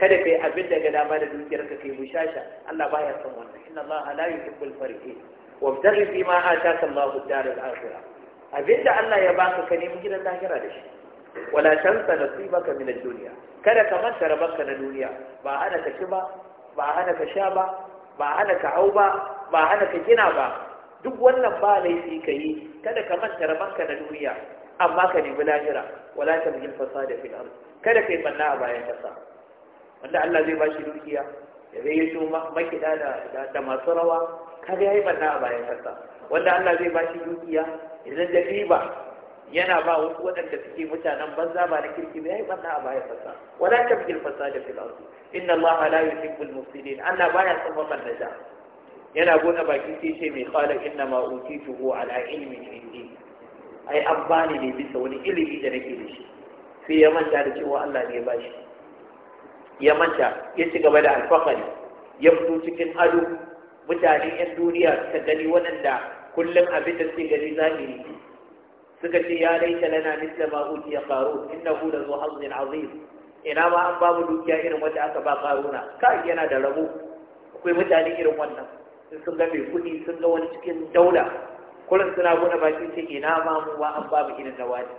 kada kai abin da gada dama da dukiyarka kai mushasha Allah baya son wannan inna Allah la yuhibbul farihin wabtaghi fi ma ataka Allahu ad-dar al-akhirah abinda Allah ya baka ka nemi gidan lahira da shi wala tansa nasibaka min ad-dunya kada ka manta rabanka na duniya ba ana ka ci ba ba ana ka sha ba ba ana ka hau ba ba ana ka gina ba duk wannan ba laifi ka yi kada ka manta rabanka na duniya amma ka nemi lahira wala tamhil fasada fil ard kada kai banna a bayan kasa wanda Allah zai bashi dukiya Ya zai yi su makida da masu rawa kada ya yi banna a bayan kasa wanda Allah zai bashi dukiya idan da riba yana ba wasu waɗanda suke mutanen banza ba na kirki ba ya yi banna a bayan kasa wala tabgil fasada fil ardi inna Allah la yuhibbul mufsidin Allah baya son mabannaja yana gona baki sai ce mai qala inna ma utituhu ala ilmin indi ai an bani ne bisa wani ilimi da nake da shi sai ya manta da cewa Allah ne ya bashi ya manta ya ci gaba da alfahari ya fito cikin ado mutane 'yan duniya suka gani waɗanda kullum abin da suke gani zahiri suka ce ya laita lana misla ma utiya qarun innahu la zuwa hazzin azim ina ma an babu dukiya irin wanda aka ba na. kai yana da rabo akwai mutane irin wannan sun ga mai kuɗi sun ga wani cikin daula kullum suna gona baki sai ina ma mu ba an babu irin da wani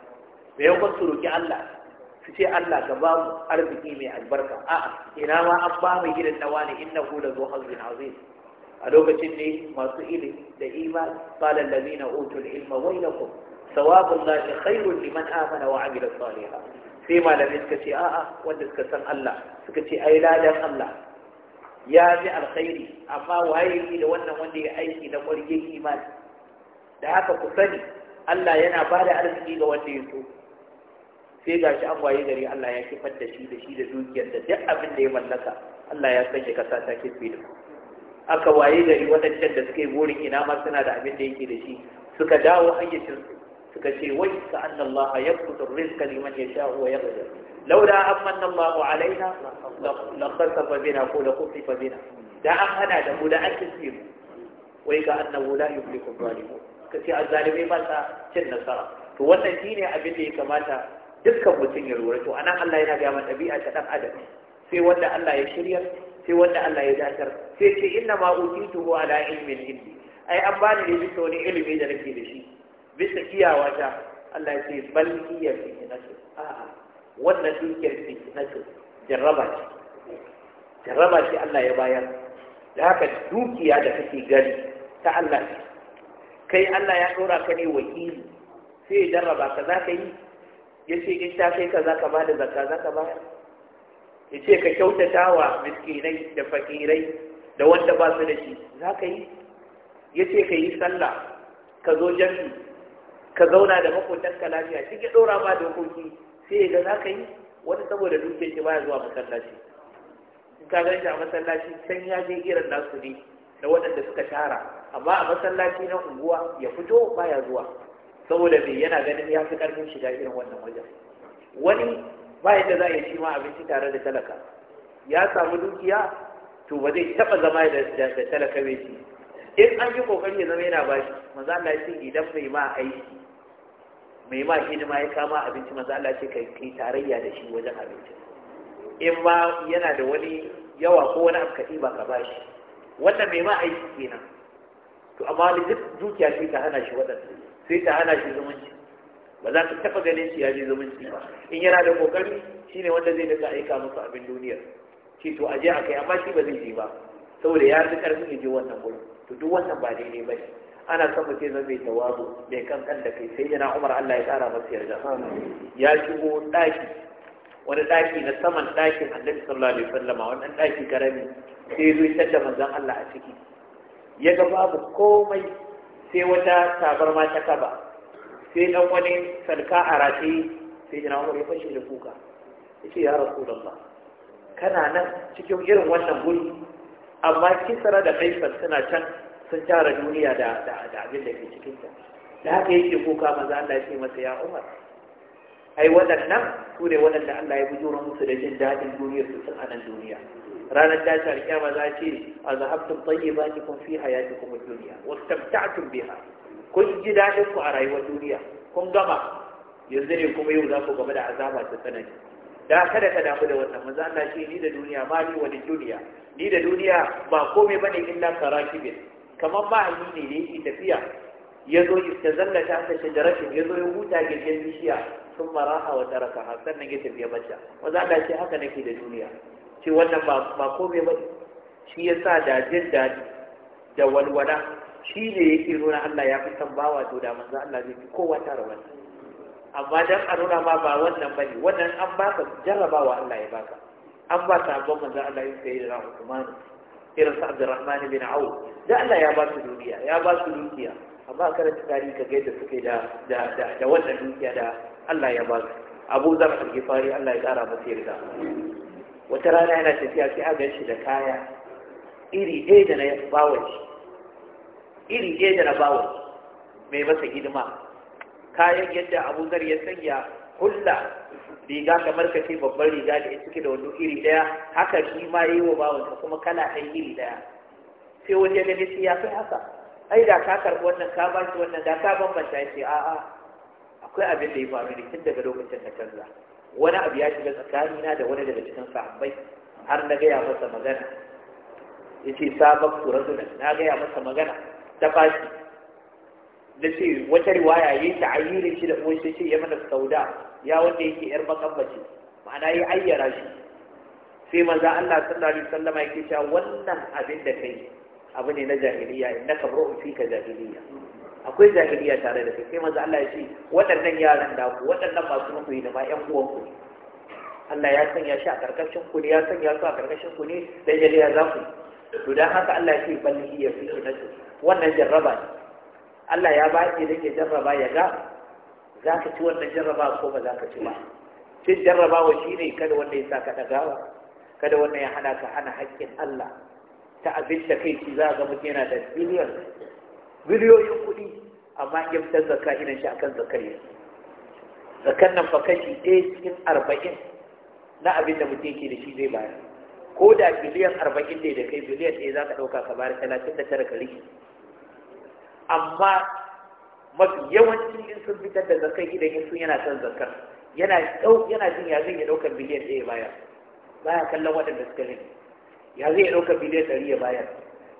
bayan kun su roki Allah su ce Allah ka ba mu arziki mai albarka a'a ina ma an ba mu gidan dawa ne inna la zu hazin azim a lokacin ne masu ilimi da imani qala allazina utul ilma waylakum sawabul lahi khairun liman amana wa amila salihan sai malamai suka ce a'a wanda suka san Allah suka ce ai ladan Allah ya ji alkhairi amma waye yake da wannan wanda ya aiki na kwarge imani da haka ku sani Allah yana ba da arziki ga wanda ya so sai ga shi an waye gari Allah ya kifar da shi da shi da dukiyar da duk abin da ya mallaka Allah ya sanya kasa ta kife da ku. aka waye gari waɗancan da suka yi burin ina ma suna da abin da yake da shi suka dawo hayyacin suka ce wai ka annallaha yaqtu rizqa liman yasha'u wa yaqdir laula amanna Allahu alaina la khasafa bina ko la khusifa bina da an hana da mu da an tafi mu wai ga annahu la yuflihu zalimun kace azzalimai ba sa cin nasara to wannan shine abin da ya kamata dukkan mutum ya lura to a nan Allah yana ga ɗabi'a ta dan adam sai wanda Allah ya shirya sai wanda Allah ya datar sai ce inna ma utituhu ala ilmin indi ai an bani ne bisa wani ilimi da nake da shi bisa iyawa ta Allah ya ce bal hiya fitnatu a'a wannan dukiyar fitnatu jarraba ce jarraba ce Allah ya bayar da haka dukiya da kake gani ta Allah ce kai Allah ya ɗora ka ne wakili sai ya jarraba ka za ka yi ya ce in ta kai ka za ka ba da zakka za ka ba ya ce ka kyautata wa miskinai da fakirai da wanda ba su da shi za ka yi ya ce ka yi sallah ka zo jami ka zauna da ka lafiya shi ke ɗora ba dokoki sai ya ga za ka yi wani saboda dukiyar shi ya zuwa masallaci in ka gani a masallaci can ya je irin nasu ne na waɗanda suka tara amma a masallaci na unguwa ya fito ba ya zuwa saboda me yana ganin ya fi karfin shiga irin wannan wajen wani ba yadda za a yi shi ma abinci tare da talaka ya samu dukiya to ba zai taɓa zama da talaka mai shi. in an yi kokari ya zama yana bashi maza Allah ce idan mai ma aiki mai ma hidima ya kama abinci maza Allah ce kai kai tarayya da shi wajen abinci in ma yana da wani yawa ko wani abu ba ka bashi wannan mai ma aiki kenan to amma wani dukiya ce ta hana shi waɗanda sai ta hana shi zumunci ba za ka taɓa ganin shi ya je zumunci ba in yana da kokari ne wanda zai daga aika musu abin duniya shi to aje a kai amma shi ba zai je ba saboda ya fi ƙarfin ya je wannan gurin to duk wannan ba daidai ba ne ana son mutum zan mai tawazu mai kankan da kai sai yana umar Allah ya tsara masa yarda ya shigo ɗaki wani ɗaki na saman dakin annabi sallallahu alaihi wasallam wannan ɗaki karami sai ya zo da manzon Allah a ciki ya ga babu komai sai wata tabarma ta kaba sai dan wani salka a rafi sai jina umar ya fashe da kuka ya ce ya rasu da ba kana nan cikin irin wannan guri amma kisara da kaifar suna can sun tara duniya da abin da ke cikinta da haka yake kuka maza Allah ya ce masa ya umar ai waɗannan su ne waɗanda Allah ya bujuro musu da jin daɗin duniyar su tun a nan duniya ranar tashi alkiyama za ce a zahabtun tsaye zahabtum tayyibatikum fi hayatikum ad-dunya wastamta'tum biha kun ji daɗin ku a rayuwar duniya kun gama yanzu ne kuma yau za ku game da azaba ta tsanani da kada ka damu da wannan manzo Allah ce ni da duniya ma ni wani duniya ni da duniya ba komai bane illa karakibin kamar ba ni ne da yake tafiya ya zo ta zallata ta shajarashin ya zo ya huta gindin bishiya sun maraha wa taraka sannan ya tafiya bacca manzo Allah ce haka nake da duniya ce wannan ba kome ba shi ya sa da jin da walwala shi ne ya ke nuna Allah ya fi san bawa to da manzo Allah zai fi kowa tara wani amma dan a nuna ma ba wannan bane wannan an ba ka jarrabawa Allah ya baka an ba ta abban manzo Allah ya sayi da Uthman irin sa Abdurrahman bin Auf da Allah ya ba su dukiya, ya ba su dukiya amma a karanta tarihi ka ga yadda suke da da da wannan dukiya da Allah ya ba su Abu Zar al-Ghifari Allah ya kara masa yarda wata rana yana tafiya sai a ganshi da kaya iri ɗaya da na bawon iri ɗaya da na bawon mai masa hidima kayan yadda abu ya sanya hulla riga kamar ka ce babbar riga da ya cike da wando iri ɗaya haka shi ma ya yi wa bawansa kuma kana ɗan iri ɗaya sai wani ya gani sai ya fi haka ai da ka karɓi wannan ka ba shi wannan da ka bambanta ya ce a'a akwai abin da ya faru ne tun daga lokacin da canza wani abu ya shiga tsakanina da wani daga cikin sahabbai har na gaya masa magana ya ce sabon turazunan na gaya masa magana ta fashi na ce wata riwaya ya yi ta'ayyirin shi da kuma shi ce mana sauda ya wanda yake yar makambaci ma'ana ya ayyara shi sai maza Allah sallallahu alaihi wasallam ke cewa wannan abin da kai abu ne na jahiliya innaka mar'un ka jahiliya akwai jahiliya tare da kai sai manzo Allah ya ce waɗannan yaran da ku waɗannan masu muku yi da ba ƴan uwan ku Allah ya sanya shi a karkashin ku ne ya sanya su a karkashin ku ne da jahiliya za ku to dan haka Allah ya ce balli ya fi kinatu wannan jarraba ne Allah ya ba ki dake jarraba ya ga za ka ci wannan jarraba ko ba za ka ci ba cin jarrabawa shine kada wanda ya sa ka gawa? kada wanda ya hana ka hana haƙƙin Allah ta abin da kai ci za ga mutum yana da biliyan miliyoyin kuɗi amma in ya fitar zakka idan shi akan zakar yi zakar nan fa kashi ɗaya cikin arba'in na abin da mutum yake da shi zai bayar ko da biliyan arba'in ne da kai biliyan ɗaya za ka ɗauka ka bayar talatin da tara ka rike amma mafi yawancin in sun fitar da zakar idan in sun yana son zakar yana ɗau yana jin ya zai ya ɗaukar biliyan ɗaya baya baya kallon waɗanda suka ne ya zai ya ɗaukar biliyan ɗari ya bayar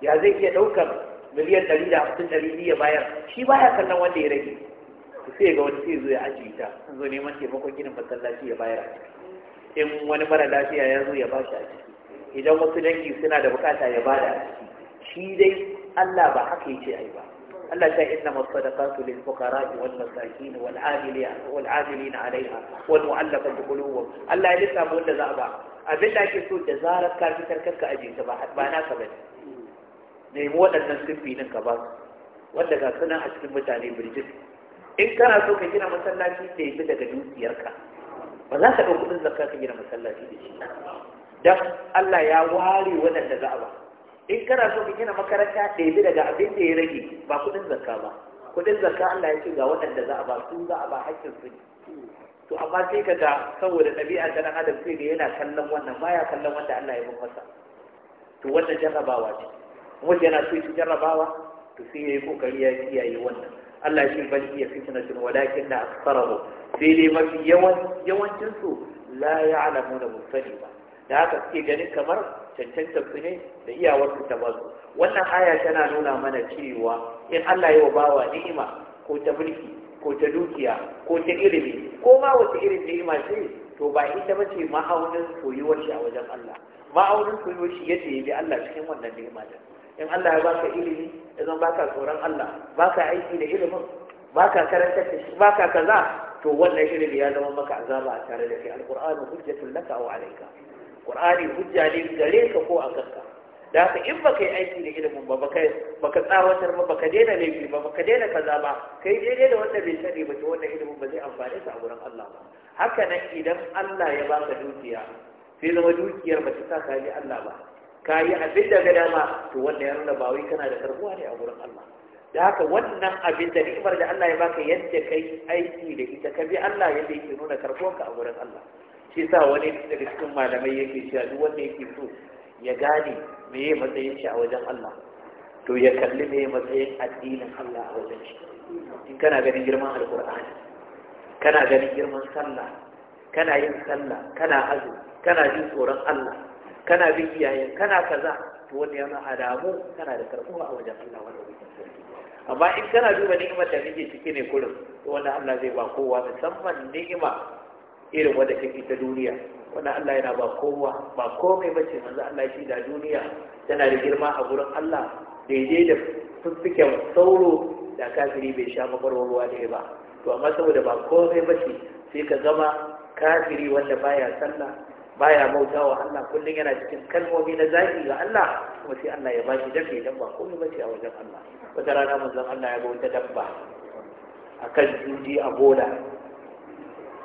ya zai iya ɗaukar miliyan ɗari da hamsin ɗari biyu ya bayar shi baya kallon wanda ya rage sai ga wani sai zo ya ajiye ta an zo neman taimakon ginin masallaci ya bayar in wani mara lafiya ya zo ya ba shi a ciki idan wasu dangi suna da bukata ya bada a ciki shi dai Allah ba haka a yi ba Allah ta inna masadaqatu lil fuqara wal masakin wal amilina wal amilina alaiha wal mu'allafat qulubuhum Allah ya lissafa wanda za a ba abin da ake so da zarar ka fitar kanka ajiye ta ba ba naka bane nemi waɗannan siffi nan ka ba su wanda ga suna a cikin mutane birjin in kana so ka gina masallaci da yi daga dukiyarka ba za ka ɗauki kuɗin zakka ka gina masallaci da shi dan Allah ya ware waɗanda za a ba in kana so ka gina makaranta da yi daga abin da ya rage ba kuɗin zakka ba kuɗin zakka Allah ya ce ga waɗanda za a ba su za a ba hakkin su to amma sai ka ga saboda ɗabi'a ta ɗan adam sai ga yana kallon wannan baya kallon wanda Allah ya bin masa to wannan jarrabawa ce wanda yana so ya jarrabawa to sai yayi kokari ya kiyaye wannan Allah shi bal iya fitnatun walakin na aktharuhu sai dai mafi yawan yawancin su la ya'lamuna musani ba da haka suke ganin kamar cancantar su ne da iyawarsu ta basu wannan aya tana nuna mana cewa in Allah ya bawa ni'ima ko ta mulki ko ta dukiya ko ta ilimi ko ma wata irin ni'ima ce to ba ita ba ce ma'aunin soyuwar shi a wajen Allah ma'aunin soyuwar shi yace ya bi Allah cikin wannan ni'ima din in Allah ya baka ilimi idan baka tsoron Allah baka aiki da ilimin baka karanta da shi baka kaza to wannan ilimi ya zama maka azaba a tare da kai alqur'anu hujjatul laka aw alayka qur'ani hujja ne gare ka ko a kanka da haka in baka yi aiki da ilimin ba baka baka tsawatar ba baka daina laifi ba baka daina kaza ba kai daidai da wanda bai sani ba to wannan ilimin ba zai amfane sa a wurin Allah ba haka nan idan Allah ya baka dukiya sai zama dukiyar ba ta sa ka Allah ba ka yi abin da ga dama to wanda ya nuna ba wai kana da karbuwa ne a wurin Allah da haka wannan abin da ni'imar da Allah ya baka yadda kai aiki da ita ka bi Allah yadda yake nuna karbuwanka a wurin Allah shi sa wani daga cikin malamai yake cewa duk wanda yake so ya gane meye matsayin shi a wajen Allah to ya kalli meye matsayin addinin Allah a wajen shi in kana ganin girman alkur'ani kana ganin girman sallah kana yin sallah kana azu kana jin tsoron Allah kana bin iyayen kana kaza to wani ya alamu kana da karbuwa a wajen Allah wanda amma in kana duba ni'imar da nake ciki ne kurin to wanda Allah zai ba kowa musamman ni'ima irin wadda take ta duniya wanda Allah yana ba kowa ba komai bace manzo Allah shi da duniya tana da girma a gurin Allah daidai da fiffiken sauro da kafiri bai sha makwarwar ruwa ne ba to amma saboda ba komai bace sai ka zama kafiri wanda baya sallah Ba baya bautawa Allah kullum yana cikin kalmomi na zafi ga Allah kuma sai Allah ya bashi dafe dan ba komai bace a wajen Allah wata rana manzon Allah ya bauta wata dabba akan juji a bola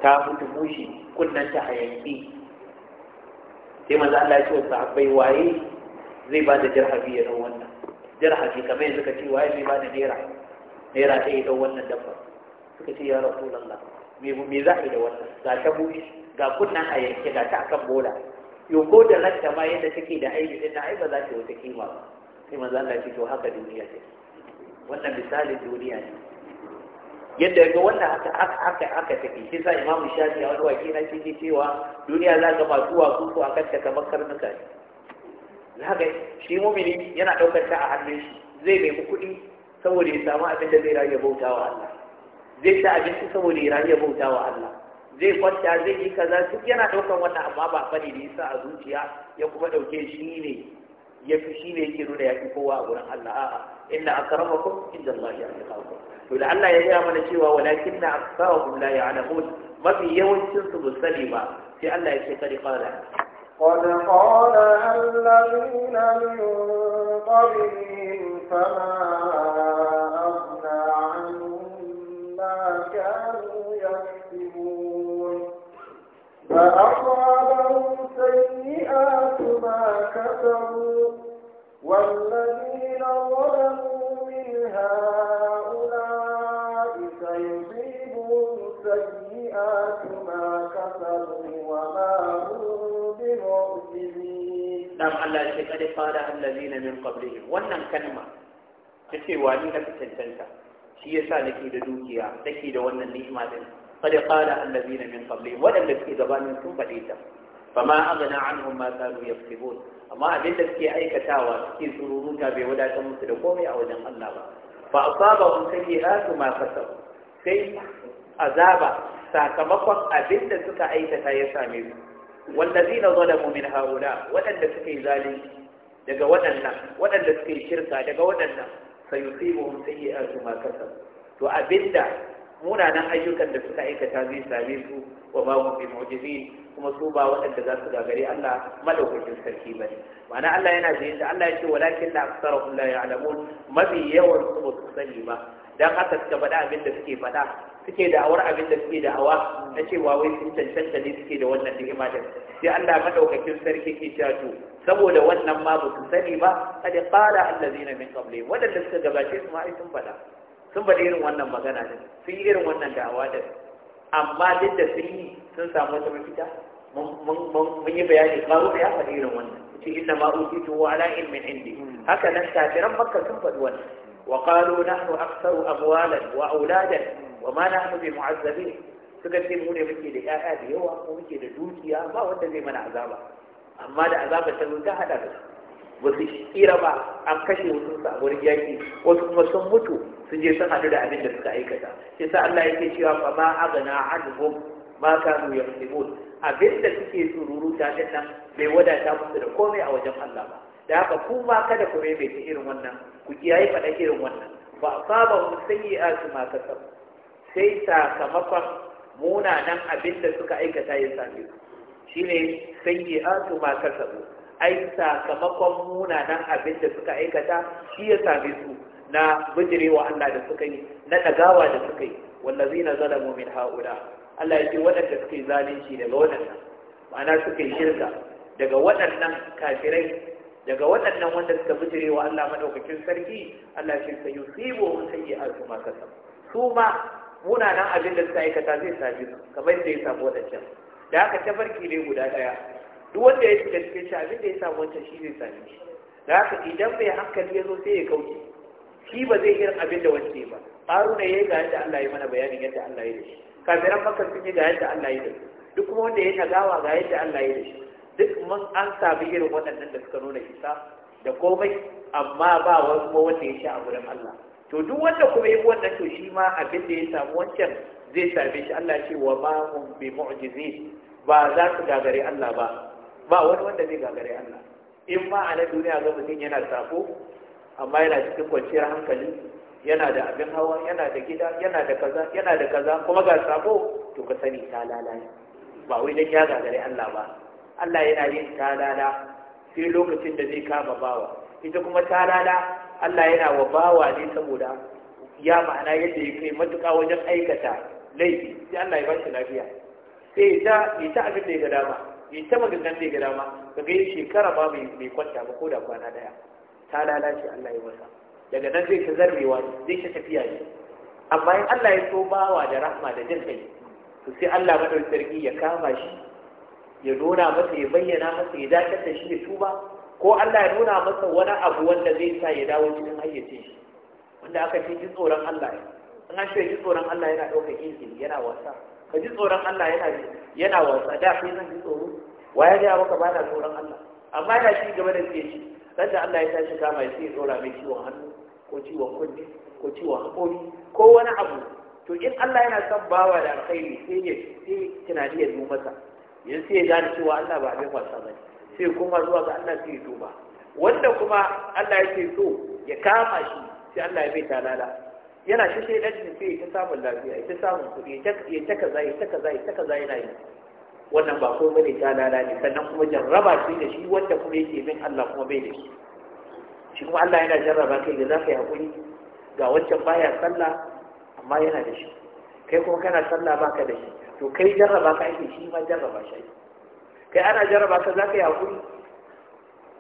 ta mutu mushi kunnan a hayanki sai manzon Allah ya ce wa sahabbai waye zai ba da dirhabi ya dau wannan dirhabi kamar yanzu ka ce waye zai ba da naira naira ta ya dau wannan dabba suka ce ya rasulullah me me za da wannan ga ta buɗe ga kunnan a yanke ga ta akan bola yo ko da ranta ma yadda take da aibi din ai ba za ta wata kima ba sai manzo Allah ce to haka duniya ce wannan misalin duniya ne yadda ga wannan haka haka haka take shi sa Imam Shafi a wani waki na shi cewa duniya za ga masu wasu ko akan ta kamar karnuka ne zaka shi mumini yana daukar ta a hannun shi zai nemi kuɗi saboda ya samu abin da zai rage bautawa Allah zai ci abinci saboda ya rayu ya bauta wa Allah zai kwanta zai yi kaza duk yana daukan wannan amma ba bane da yasa a zuciya ya kuma dauke shi ne ya fi shi ne yake nuna ya fi kowa a gurin Allah a'a inna akramakum inda Allah ya taqakum to da Allah ya yi mana cewa walakin na aksarahum la ya'lamun mafi yawancin su ba sani ba sai Allah ya ce kadi qala قد قال الذين من قبلهم فما فأصابهم سيئات ما كسبوا والذين ظلموا من هؤلاء سيصيبهم سيئات ما كسبوا وما هم بمعجزين نعم الله قد قالها الذين من قبلهم ولن كلمة تسوى لي لك تنتنك shi yasa nake da dukiya take da wannan ni'ima din قد قال الذين من قبلهم ولم في زبان sun faɗe ta فما أغنى عنهم ما كانوا يكسبون أما أبين لكي أي كتاوى كي سرورون كابي ولا تموت لقومي أو جمع الله فأصابهم سيئات ما كسبوا كي أذابا ساكمقوا أبين لكي أي كتاوى سامير والذين ظلموا من هؤلاء ولن لكي ذلك daga waɗannan waɗanda suke shirka daga waɗannan sayusibuhum sayyi'atu ma kasab to abinda munanan ayyukan da suka aikata zai same su wa babu bi kuma su ba waɗanda za su gagari Allah madaukakin sarki ba ne ma'ana Allah yana da yadda Allah ya ce walakin la aktsaruhum la ya'lamun mafi yawan su ba su sani ba dan haka suka faɗa abin da suke faɗa suke da'awar abin da suke awa, na cewa wai sun cancanta ne suke da wannan ni'ima din sai Allah madaukakin sarki ke cewa to saboda wannan ma ba su sani ba kada qala allazina min qabli wadanda suka gabace su ma ai sun faɗa sun faɗi irin wannan magana ne sun yi irin wannan da'awa da amma duk da sun yi sun samu wata mafita mun yi bayani faru ya faɗi irin wannan ce inna ma utitu wa ala ilmin indi haka nan kafiran makka sun faɗi wannan wa qalu nahnu aktsaru amwalan wa auladan wa ma nahnu bi mu'azzabin suka ce mu ne muke da 'ya'ya da yawa ko muke da dukiya ba wanda zai mana azaba amma da azaba ta zo ta hada da su ba su tsira ba an kashe wasu a wurin yaki wasu kuma sun mutu sun je sun haɗu da abin da suka aikata yasa Allah yake cewa fa ma agana anhum ma kanu yaqtimun abin da suke sururu ta din nan bai wadata musu da komai a wajen Allah ba da haka ku ma kada ku rebe ta irin wannan ku kiyaye faɗa irin wannan ba asaba hum sayyi'atu ma kasab sai sakamakon munanan abin da suka aikata ya same su shine sayyi'atu ma kasab ai sakamakon munanan abin da suka aikata shi ya same su na bijirewa Allah da suka yi na dagawa da suka yi wallazina zalamu min haula Allah ya ce waɗanda suka yi zalunci daga waɗannan ma'ana suka yi shirka daga waɗannan kafirai daga waɗannan wanda suka bijire wa Allah madaukakin sarki Allah shi sai yusibu wa sayyi'atu ma kasa su ma nan abin da suka aikata zai sami su kamar da ya samu wadancan da haka tafarki ne guda daya duk wanda ya shiga cikin shi abin da ya samu wancan shi zai sami shi da haka idan mai hankali ya zo sai ya kauce shi ba zai irin abin da wacce ba haruna yayi ga yadda Allah ya mana bayanin yadda Allah ya yi kafiran makka sun yi ga yadda Allah ya yi duk kuma wanda ya nagawa ga yadda Allah ya yi duk mun an sami irin waɗannan da suka nuna isa da komai amma ba wani kuma wanda ya sha a gurin Allah to duk wanda kuma yi wannan to shi ma abin da ya samu wancan zai same shi Allah ce wa ma hum bi mu'jizin ba za su gagare Allah ba ba wani wanda zai gagare Allah in ma a na duniya ga mutum yana sako amma yana cikin kwanciyar hankali yana da abin hawa yana da gida yana da kaza yana da kaza kuma ga sabo to ka sani ta lalaye ba wai dan ya gagare Allah ba Allah yana yin ta lala sai lokacin da zai kama bawa ita kuma ta lala Allah yana wa bawa ne saboda ya ma'ana yadda ya kai matuƙa wajen aikata laifi sai Allah ya ba shi lafiya sai ta ita abin da ya ga dama ita maganganun da ya ga dama kaga shekara ba mai kwanta ba ko da kwana daya ta lalace Allah ya masa daga nan zai ta zarrewa zai ta tafiya ne amma in Allah ya so bawa da rahma da jin kai to sai Allah madar sarki ya kama shi ya nuna masa ya bayyana masa ya dakatar da shi ya tuba ko Allah ya nuna masa wani abu wanda zai sa ya dawo cikin hayyacin shi wanda aka ce ji tsoron Allah in an ce ji tsoron Allah yana ɗaukar izini yana wasa ka ji tsoron Allah yana yana wasa da kai zan ji tsoro waya ga maka ba da tsoron Allah amma da shi gaba da ce shi dan da Allah ya tashi kama ya sai dora mai ciwon hannu ko ciwon kundi ko ciwon haƙori ko wani abu to in Allah yana son bawa da alkhairi sai ya sai tunani ya zo masa yin sai ya gane cewa Allah ba abin wasa ba sai kuma zuwa ga Allah sai ya duba wanda kuma Allah yake so ya kama shi sai Allah ya bai talala yana shi sai dan sai ta samun lafiya ya ta samun kuɗi ya ta kaza ya ta kaza ya ta kaza yana yi wannan ba komai ne ta lalace sannan kuma jarraba shi da shi wanda kuma yake min Allah kuma bai da shi shi kuma Allah yana jarraba kai da za ka yi haƙuri ga wancan baya sallah amma yana da shi kai kuma kana sallah baka da shi to kai jarraba ka ake shi ma jarraba shi kai ana jarraba ka za ka yi haƙuri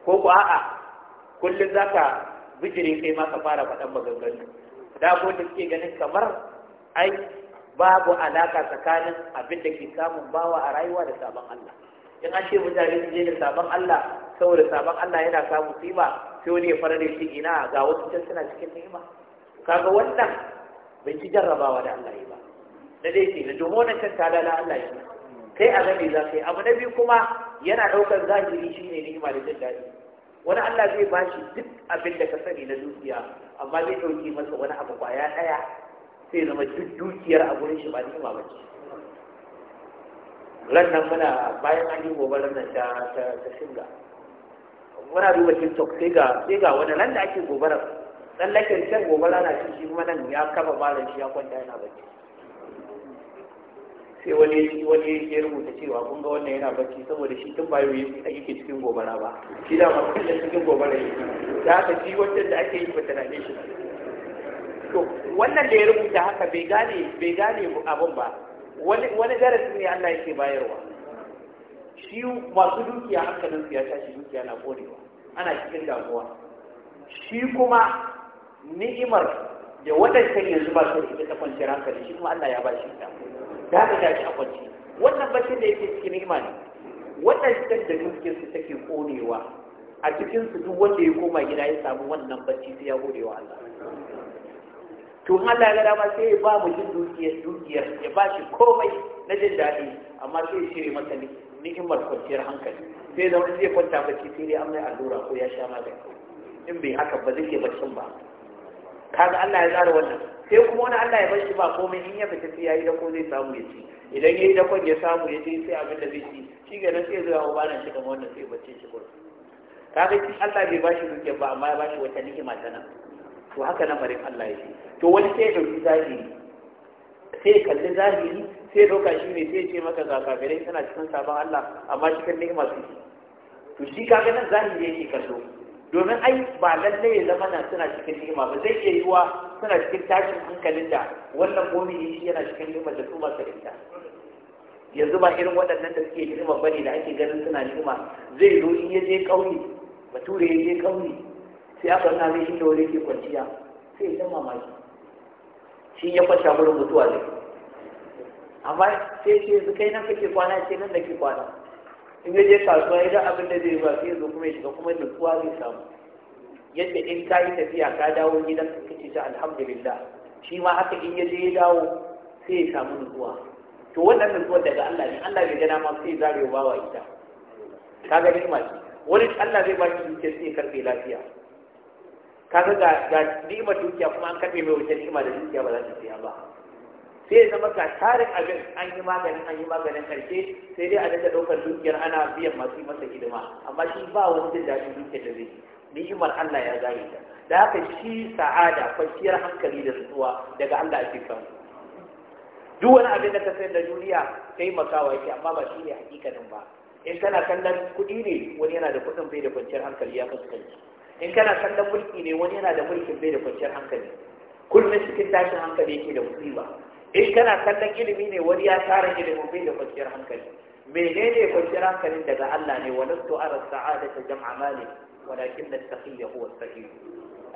ko ko a'a kullum za ka bijire kai ma ka fara faɗan maganganu da ko da suke ganin kamar ai babu alaka tsakanin abin da ke samun bawa a rayuwa da sabon Allah in an ce mutane su je da sabon Allah saboda sabon Allah yana samun tsima sai wani ya fara da shi ina ga wasu can suna cikin ni'ima kaga wannan bai ci jarrabawa da Allah ba da dai ke domin wannan kan na Allah shi kai a gani za ka yi abu na biyu kuma yana ɗaukar zahiri shi ne ni'ima da jin daɗi wani Allah zai ba shi duk abin da ka sani na dukiya amma zai ɗauki masa wani abu kwaya ɗaya sai zama duk dukiyar a gurin shi ba ni'ima ba ce ran muna bayan an yi gobe nan ta ta shinga muna duba tiktok sai ga sai ga wani nan da ake gobarar tsallaken can gobara na shi shi kuma nan ya kafa malam shi ya kwanta yana bacci sai wani wani ya rubuta cewa kun ga wannan yana bacci saboda shi tun bayo yake cikin gobara ba shi da ma kullum cikin gobara yake da haka shi wancan da ake yi ba ne shi to wannan da ya rubuta haka bai gane bai gane abin ba wani darasi ne Allah yake bayarwa shi masu dukiya haka nan ya tashi dukiya na korewa ana cikin damuwa shi kuma ni'imar da wadanda yanzu ba su ita ta kwanciyar hankali shi kuma Allah ya ba shi ta da haka ta shi a kwanci wannan bacin da yake cikin ni'ima ne waɗancan da su take konewa a cikinsu duk wanda ya koma gida ya samu wannan bacci sai ya gode wa Allah to Allah ga dama sai ya ba mu jin dukiyar dukiyar ya ba shi komai na jin daɗi amma sai ya shirya masa ni'imar kwanciyar hankali sai da wani zai kwanta bacci sai dai an mai allura ko ya sha magani in bai haka ba zai ke baccin ba kaga Allah ya tsara wannan sai kuma wani Allah ya bashi ba komai in ya fita sai yayi da ko zai samu ya ci idan yayi da kon ya samu ya ci sai abin da zai ci shi ga nan sai zai hawo bana shi kamar wannan sai bacci shi ko kaga shi Allah bai bashi dukiya ba amma ya bashi wata ni'ima ta nan to haka bari Allah ya ci. to wani sai ya ɗauki zahiri sai kalli zahiri sai doka ɗauka shi ne sai ce maka ga kafirai suna cikin sabon Allah amma cikin ni'ima su to shi ga nan zahiri yake kaso, domin ai ba lalle ya zama nan suna cikin ni'ima ba zai iya yiwa suna cikin tashin hankalin da wannan ne shi yana cikin ni'ima da su masu rinta yanzu ba irin waɗannan da suke ni'ima bane da ake ganin suna ni'ima zai zo in ya je ƙauye bature ya je ƙauye sai aka nuna shi da wani ke kwanciya sai ya zama mamaki shi ya fasha wurin mutuwa ne amma sai ce su kai nan kake kwana sai nan da ke kwana in ya je kasuwa idan abin da zai ba sai yanzu kuma ya shiga kuma nutsuwa zai samu yadda in ka yi tafiya ka dawo gidan ka kace ta alhamdulillah shi ma haka in ya je ya dawo sai ya samu nutsuwa to wannan nutsuwa daga Allah ne Allah bai gana ma sai zarewa bawa ita kaga ni ma wani Allah zai ba ki sai karfe lafiya kaga ga ga nima dukiya kuma an karbe mai wuce nima da dukiya ba za ta siya ba sai ya zama ga tarin abin an yi maganin an yi maganin karshe sai dai a daga ɗaukar dukiyar ana biyan masu masa hidima amma shi ba wani jin daɗin dukiyar da zai ni'imar Allah ya zare ta da haka shi sa'ada kwanciyar hankali da zuwa daga Allah ake kan duk wani abin da ka sayar da duniya taimakawa yake amma ba shi ne hakikanin ba in kana kallon kuɗi ne wani yana da kuɗin bai da kwanciyar hankali ya fuskanci in kana kallon mulki ne wani yana da mulkin bai da kwanciyar hankali kullum cikin tashin hankali yake da musiba in kana kallon ilimi ne wani ya tara ilimin bai da kwanciyar hankali menene kwanciyar hankalin daga Allah ne walastu ara ta jam'a mali walakin at-taqiyya huwa as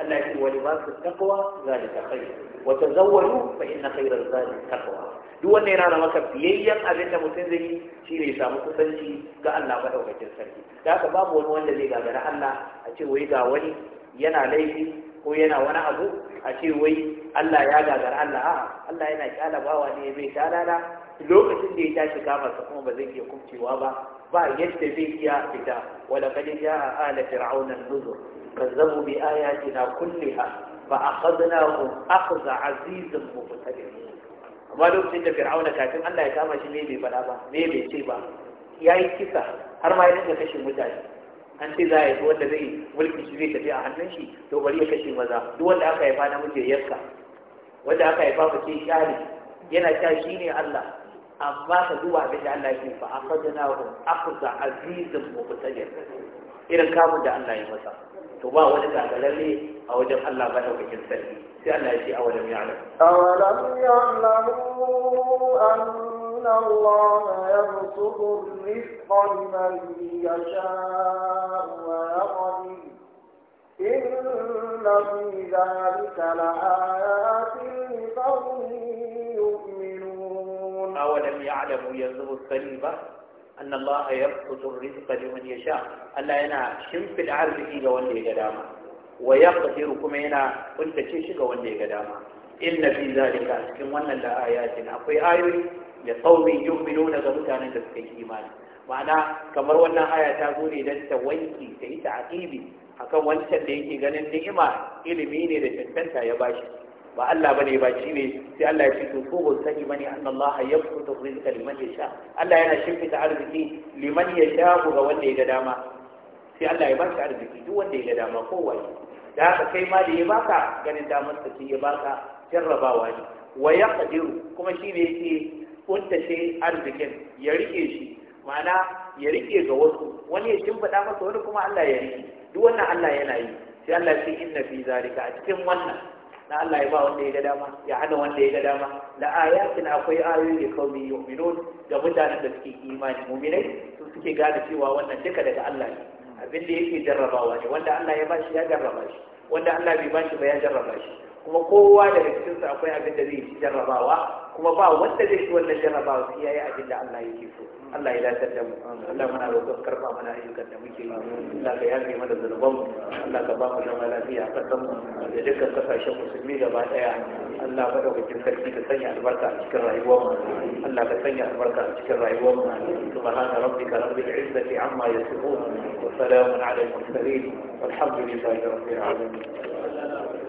Allah ya ce wa libasu taqwa zalika khair wa tazawwadu fa duk wanda yana da maka biyayyen abin da mutum zai yi shi ne samu kusanci ga Allah madaukakin sarki da haka babu wani wanda zai gagara Allah a ce wai ga wani yana laifi ko yana wani abu a ce wai Allah ya gagara Allah a Allah yana kyala bawa ne bai shalala lokacin da ya tashi kama sa kuma ba zai iya kumcewa ba ba yadda zai iya fita wala kad jaa ala fir'auna nuzur كذبوا بآياتنا كلها فأخذناهم أخذ عزيز مقتدر amma lokacin da fir'auna kafin Allah ya kama shi ne bai faɗa ba me bai ce ba ya yi kisa har ma ya dinga kashe mutane an ce za a yi wanda zai mulki shi zai tafi a hannun shi to bari ya kashe maza duk wanda aka haifa na mace yarka wanda aka haifa ce shari yana sha shi ne Allah amma ka duba abin da Allah ya fa akhadnahu akhza azizun mubtadir irin kamun da Allah ya masa to ba wani gagalalle a wajen Allah ba daukakin sarki sai Allah ya ce a wajen ya'lam awalam ya'lamu anna Allah yarsudu rizqa liman yasha'u wa yaqdir إن في ذلك لآيات لقوم يؤمنون أولم يعلموا يزغوا السليبة أن الله يبسط الرزق لمن يشاء ألا ينا شنف العرض وندي قداما ويقدر كما ينا كنت تشيشك وندي قداما إن في ذلك أسكن وانا لآياتنا أقوي آيوي لقوم يؤمنون غمتانا تسكي إيمان ma'ana kamar wannan aya ta gode idan ta wanki ta yi ta'aqibi akan wancan da yake ganin ni'ima ilimi ne da cancanta ya bashi ba Allah bane ba shi ne sai Allah ya ce to ko ban sani bane annallaha yabsutu rizqa liman yasha Allah yana shimfita arziki liman yasha ga wanda ya ga dama sai Allah ya ba shi arziki duk wanda ya ga dama ko kowa da haka kai ma da ya baka ganin damar sa ya baka jarrabawa ne wa yaqdiru kuma shi ne yake kuntace arzikin ya rike shi ma'ana ya rike ga wasu wani ya shimfiɗa masa wani kuma Allah ya rike duk wannan Allah yana yi sai Allah ya ce inna fi zalika a cikin wannan na Allah ya ba wanda ya ga dama ya hana wanda ya ga dama la ayatin akwai ayoyi da kaumi yu'minun ga mutanen da suke imani mu'minai su suke gane cewa wannan duka daga Allah ne abin da yake jarrabawa ne wanda Allah ya bashi ya jarraba shi wanda Allah bai bashi ba ya jarraba shi kuma kowa daga cikin su akwai abin da zai jarrabawa kuma ba wanda zai shi wannan jarrabawa sai yayi abin da Allah yake so Allah ya lafiya da mu Allah muna roƙon karfa mana ayyukan da muke yi Allah ka yafe mana zanuban mu Allah ka ba mu zama lafiya a kan mu da dukkan kasashen musulmi gaba daya Allah ka dauke cikin sarki ka sanya albarka a cikin rayuwar mu Allah ka sanya albarka a cikin rayuwar mu subhana rabbika rabbil izzati amma yasifun wa salamun ala al mursalin والحمد لله رب العالمين